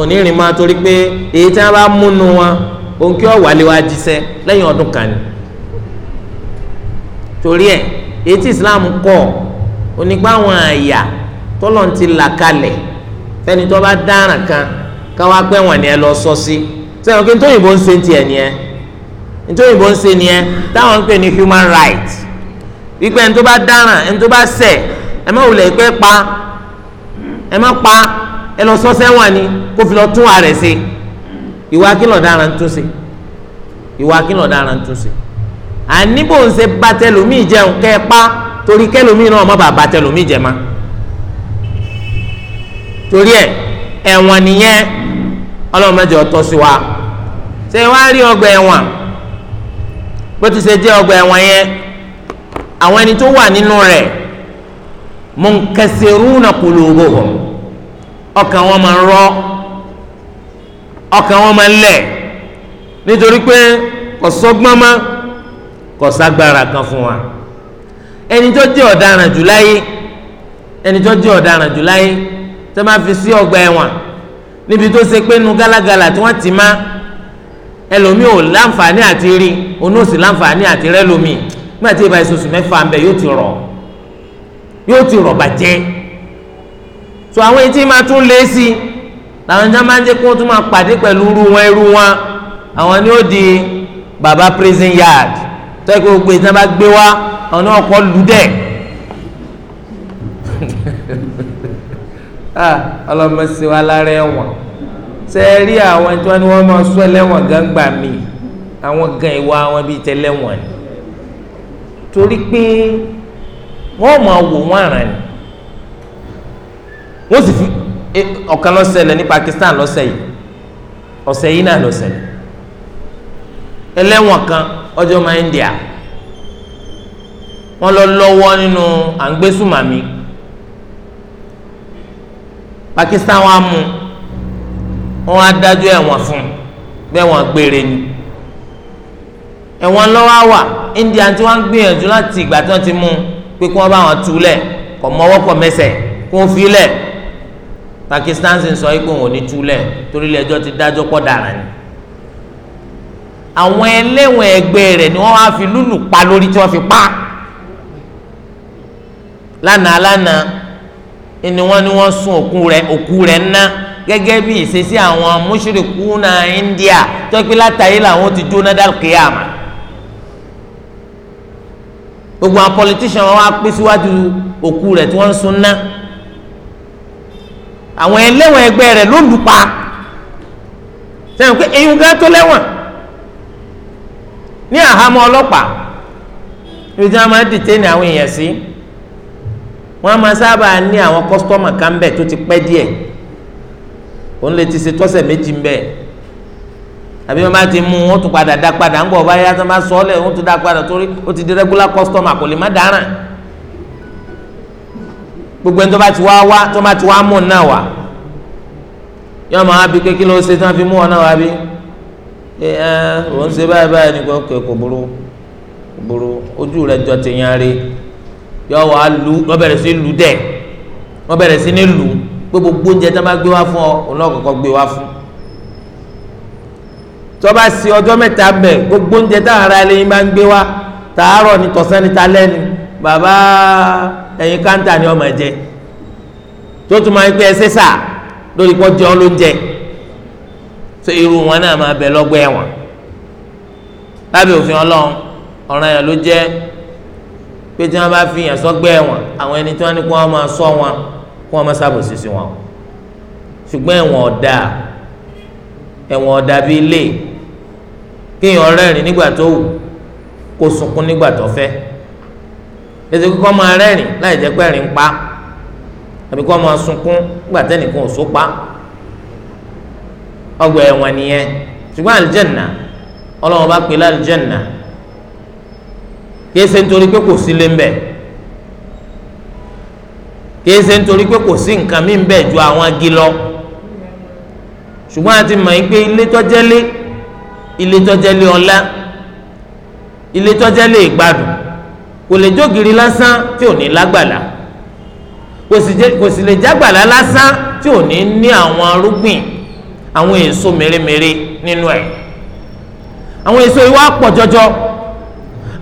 [SPEAKER 1] òní rìn mọ́ torí pé èyí tí wọ́n bá múnú wọn òun kí ọ̀wà lè wá jíṣẹ́ lẹ́yìn ọdún kan ni torí ẹ̀ èyí tí Islam kọ́ onígbà àwọn àyà tọ́lọ̀ ti là kalẹ̀ fẹ́ni tó bá dáràn kan káwá pẹ́ wọ̀n ni ẹ lọ sọ sí. So si sẹ́yìn kí ntóyìnbó ń ṣe tiẹ̀ nìyẹn ntóyìnbó ń ṣe nìyẹn táwọn ń pè ní human right wípé ẹni tó bá dáràn ẹni tó bá ṣẹ̀ ẹ má wulẹ̀ pé pa ẹ má pa ẹ lọ sọ sẹ́wọ̀n ni kó fi lọ tún ààrẹ ṣe ìwà kí ló dára ń tún ṣe ìwà kí ló dára ń tún ṣe àníbò ń ṣe bàtẹlómì jẹun kẹ pa torí kẹlómì náà ọmọ bàbá bàtẹlómì jẹ ma torí ẹ ẹ̀wọ̀n nìyẹn ọlọ́run mẹ́jọ ọtọ́ sí wa ṣé wàá rí ọgbà ẹ̀wọ̀n bó ti ṣe jẹ́ ọgbà ẹ̀wọ̀n yẹn àwọn ẹni tó wà nínú rẹ̀ munkasiruna qulubuhum ọkàn wọn máa ń rọ ọkàn wọn máa ń lẹ̀ nítorí pé kò sọ́gbọ́n mọ́ kò ságbára kan fún wa ẹni tó jẹ́ ọ̀daràn jù láyé ẹni tó jẹ́ ọ̀daràn jù láyé tó máa fi sí ọgbà ẹ̀wọ̀n níbi tó ṣe pé nu gálágalà tí wọ́n ti má ẹlòmíì ò láǹfààní àti rí onóòsì láǹfààní àti rẹ́lòmíì nígbà tí ìbá ìṣoṣù mẹ́fà ń bẹ yóò ti rọ̀ yóò ti rọ̀ bàjẹ́ tó àwọn etí máa tún lé sí i làwọn ẹja máa ń jẹ́ kí wọ́n tún máa pàdé pẹ̀lú irú wọn irú wọn àwọn ni ó di baba prison yard tó yẹ kó gbé tí wọ́n bá gbé wá àwọn náà kọ́ lù dẹ̀ ah, ọlọ́mọ sí wa lára ẹ̀wọ̀n sẹ́ẹ̀rí àwọn tí wọ́n ní wọ́n máa sọ ẹlẹ́wọ̀n gangba mi àwọn gan ìwà àwọn bíi tẹ́lẹ̀wọ̀n ni torí pé wọ́n máa wò wọ́n àràn ni wọ́n sì fi e, ọ̀kan ló ṣẹlẹ̀ ní Pakistan lọ́sẹ̀ yìí ọ̀sẹ̀ yìí náà ló ṣẹlẹ̀ ẹlẹ́wọ̀n kan ọjọ́ máa India wọ́n lọ lọ́wọ́ nínú à ń gbé sùmàmí Pakistan wa mú un wọn á dájọ́ ẹ̀wọ̀n fún un bẹ́ẹ̀ wọ́n gbére ni ẹ̀wọ̀n lọ́wọ́ wà India tí wọ́n ń gbìyànjú láti ìgbà tí wọ́n ti mú pé kí wọ́n bá wọn tú lẹ̀ kò mọ́wọ́ kò mẹsẹ̀ kó ń fi lẹ̀ Pakistan sì ń sọ pé òun ò ní tú lẹ̀ torí ilé ẹjọ́ ti dájọ́ pọ̀ dára ni àwọn ẹlẹ́wọ̀n ẹgbẹ́ rẹ̀ ni wọ́n wá fi lùlù pa lórí tí wọ́n fi pa lánàá lánàá ni wọ́n ní wọ́n sun òkú rẹ̀ òkú rẹ̀ ńná gẹ́gẹ́ bí ìṣesí àwọn mushrikuna India tó pé látàyè làwọn ti jóná dá kíyàmà gbogbo àwọn politician wọn wá pín síwájú òkú rẹ̀ tí wọ́n ń sun ná àwọn ẹlẹ́wọ̀n ẹgbẹ́ rẹ̀ ló lù pa sẹ́yìn pé eyín gán tó lẹ́wọ̀n ní àhámọ́ ọlọ́pàá ibi tí wọ́n máa ń dìtẹ́nì àwọn èèyàn sí wọ́n máa sábà ní àwọn kọ́sítọ́mà kan bẹ̀ tó ti pẹ́ díẹ̀ òun lè ti se tọ́sẹ̀ méjì ń àbí wọn bá ti mú wọn tún padà dá padà ń bọ̀ bá yá tó máa sọ ọ́ lẹ̀ wọn tún dá ti di regular customer kò lè gbogbo ẹni tó bá ti wá wá tó bá ti wá mú náà wá yọọ máa bí kékeré ló fi mú ọ náà wá bí ẹ ẹ ń ṣe báyìí báyìí ni kò kò burú kò ti yan yọọ wá lu wọn sí lu dẹ wọn pé gbogbo oúnjẹ tó bá gbé wá fún ọ òun náà kọ́kọ́ gbé wá fún tọ́ba sí ọjọ́ mẹ́ta bẹ̀ gbogbo oúnjẹ táwọn ará ilé yín bá ń gbé wá tàárọ̀ ni tọ̀sán ni talẹ́ ni bàbá ẹ̀yin káńtà ni ọmọ ẹ̀jẹ̀ tó tún máa ń pẹ́ ẹsẹ̀ sà lórí pọ́ jẹun ló ń jẹ ṣé irú wọn náà máa bẹ lọ́gbọ́ ẹ̀wọ̀n lábẹ́ òfin ọlọ́run ọ̀ràn yẹn ló jẹ́ pé tí wọ́n bá fi yàn sọ́gbẹ́ ẹ̀wọ̀n àwọn ẹni tí wọ́n ní kó wọ́n máa sọ wọn kó wọn má sábòsí sí wọn ṣùgbọ́n ẹ̀wọ̀n ọ̀dà ẹ̀wọ̀n ọ̀dà bíi ilé kéèyàn rẹ́rìn nígbà tó wù kó sunkún nígbà tó fẹ́ ètò kíkọ́ máa rẹ́rìn láì jẹ́ pé ẹ̀rín pa àbí kó máa sunkún nígbà tẹ́nìkan ò só pa ọgbà ẹ̀wọ̀n nìyẹn ṣùgbọ́n àlìjẹ̀nà ọlọ́run bá pè é lálìjẹ̀nà kí ẹ ṣe nítorí pé kò sí lé ń bẹ̀ẹ́ kìí ṣe nítorí pé kò sí nǹkan mí bẹ́ẹ̀ ju àwọn agi lọ ṣùgbọ́n a ti mọ̀ yín pé ilé tọ́jẹ́lé ilé tọ́jẹ́lé ọlá ilé tọ́jẹ́lé ìgbádùn kò lè jógiri lásán tí ò ní lágbàlá kò sì lè jágbàlá lásán tí ò ní ní àwọn arúgbìn àwọn èso mèremère nínú ẹ̀ àwọn èso yìí wá pọ̀ jọjọ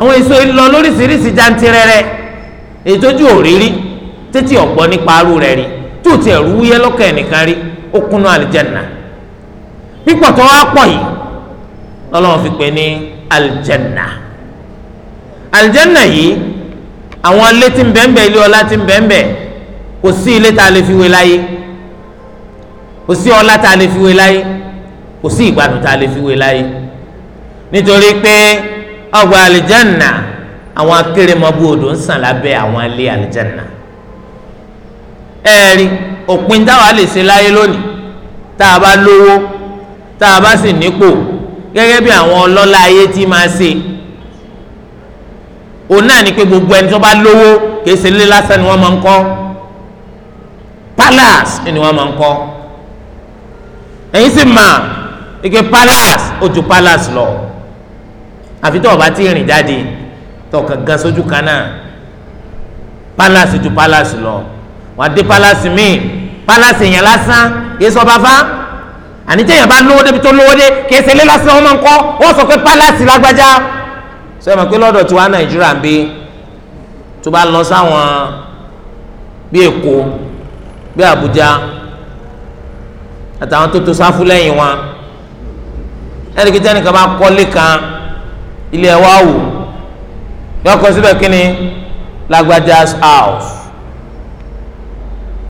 [SPEAKER 1] àwọn èso yìí lọ lóríṣiríṣi jantirẹrẹ ètòjú òrírí. E tètè ọ̀gbọ́ nípa aró rẹ̀ rí tó tiẹ̀ rúwúyẹ́ lọ́kàn ẹnìkan rí ó kúnnú àlìjẹ́nà pípọ̀ tó wá pọ̀ yìí lọ́lọ́wọ́ fi pè ní àlìjẹ́nà àlìjẹ́nà yìí àwọn ilé tí ń bẹ́ẹ̀ bẹ́ẹ̀ ilé ọlá tí ń bẹ́ẹ̀ kò sí ilé tá a lè fi wé láyé kò sí ọlá tá a lè fi wé láyé kò sí ìgbádùn tá a lè fi wé láyé nítorí pé ọgbà àlìjẹ́nà àwọn akérèmọ́bù odò ń sàn lábẹ́ àwọn ilé àlìjẹ́nà ẹ̀rí òpin táwa lè ṣe láyé lónìí tá a bá lówó tá a bá sì nípò gẹ́gẹ́ bí àwọn ọlọ́lá ayé tí máa ṣe òun náà ni pé gbogbo ẹni tó bá lówó kì í ṣe ilé lásán ni wọ́n máa ń kọ́ palace ni wọ́n máa ń kọ́ ẹ̀yin sì mà ike palace ó ju lọ àfi tó o bá ti rìn jáde tó o kàn gan sójú kan náà palace ju palace lọ wọ́n dé pálásì míì pálásì yẹn lásán yẹ sọ bàbá àní téèyàn bá lówó débi tó lówó dé kìí ṣe ilé lásán wọ́n máa ń kọ́ wọ́n sọ pé pálásì lágbájá sọ ma pé lọ́dọ̀ tiwa nàìjíríà ń bí tó bá lọ sáwọn bí èkó bí àbújá àtàwọn tó tó sáfù lẹ́yìn wọn ẹnìkí tẹ́ni kan bá kọ́lé kan ilé ẹ̀ wá wò yọkọ síbẹ̀ kí ni lágbájá house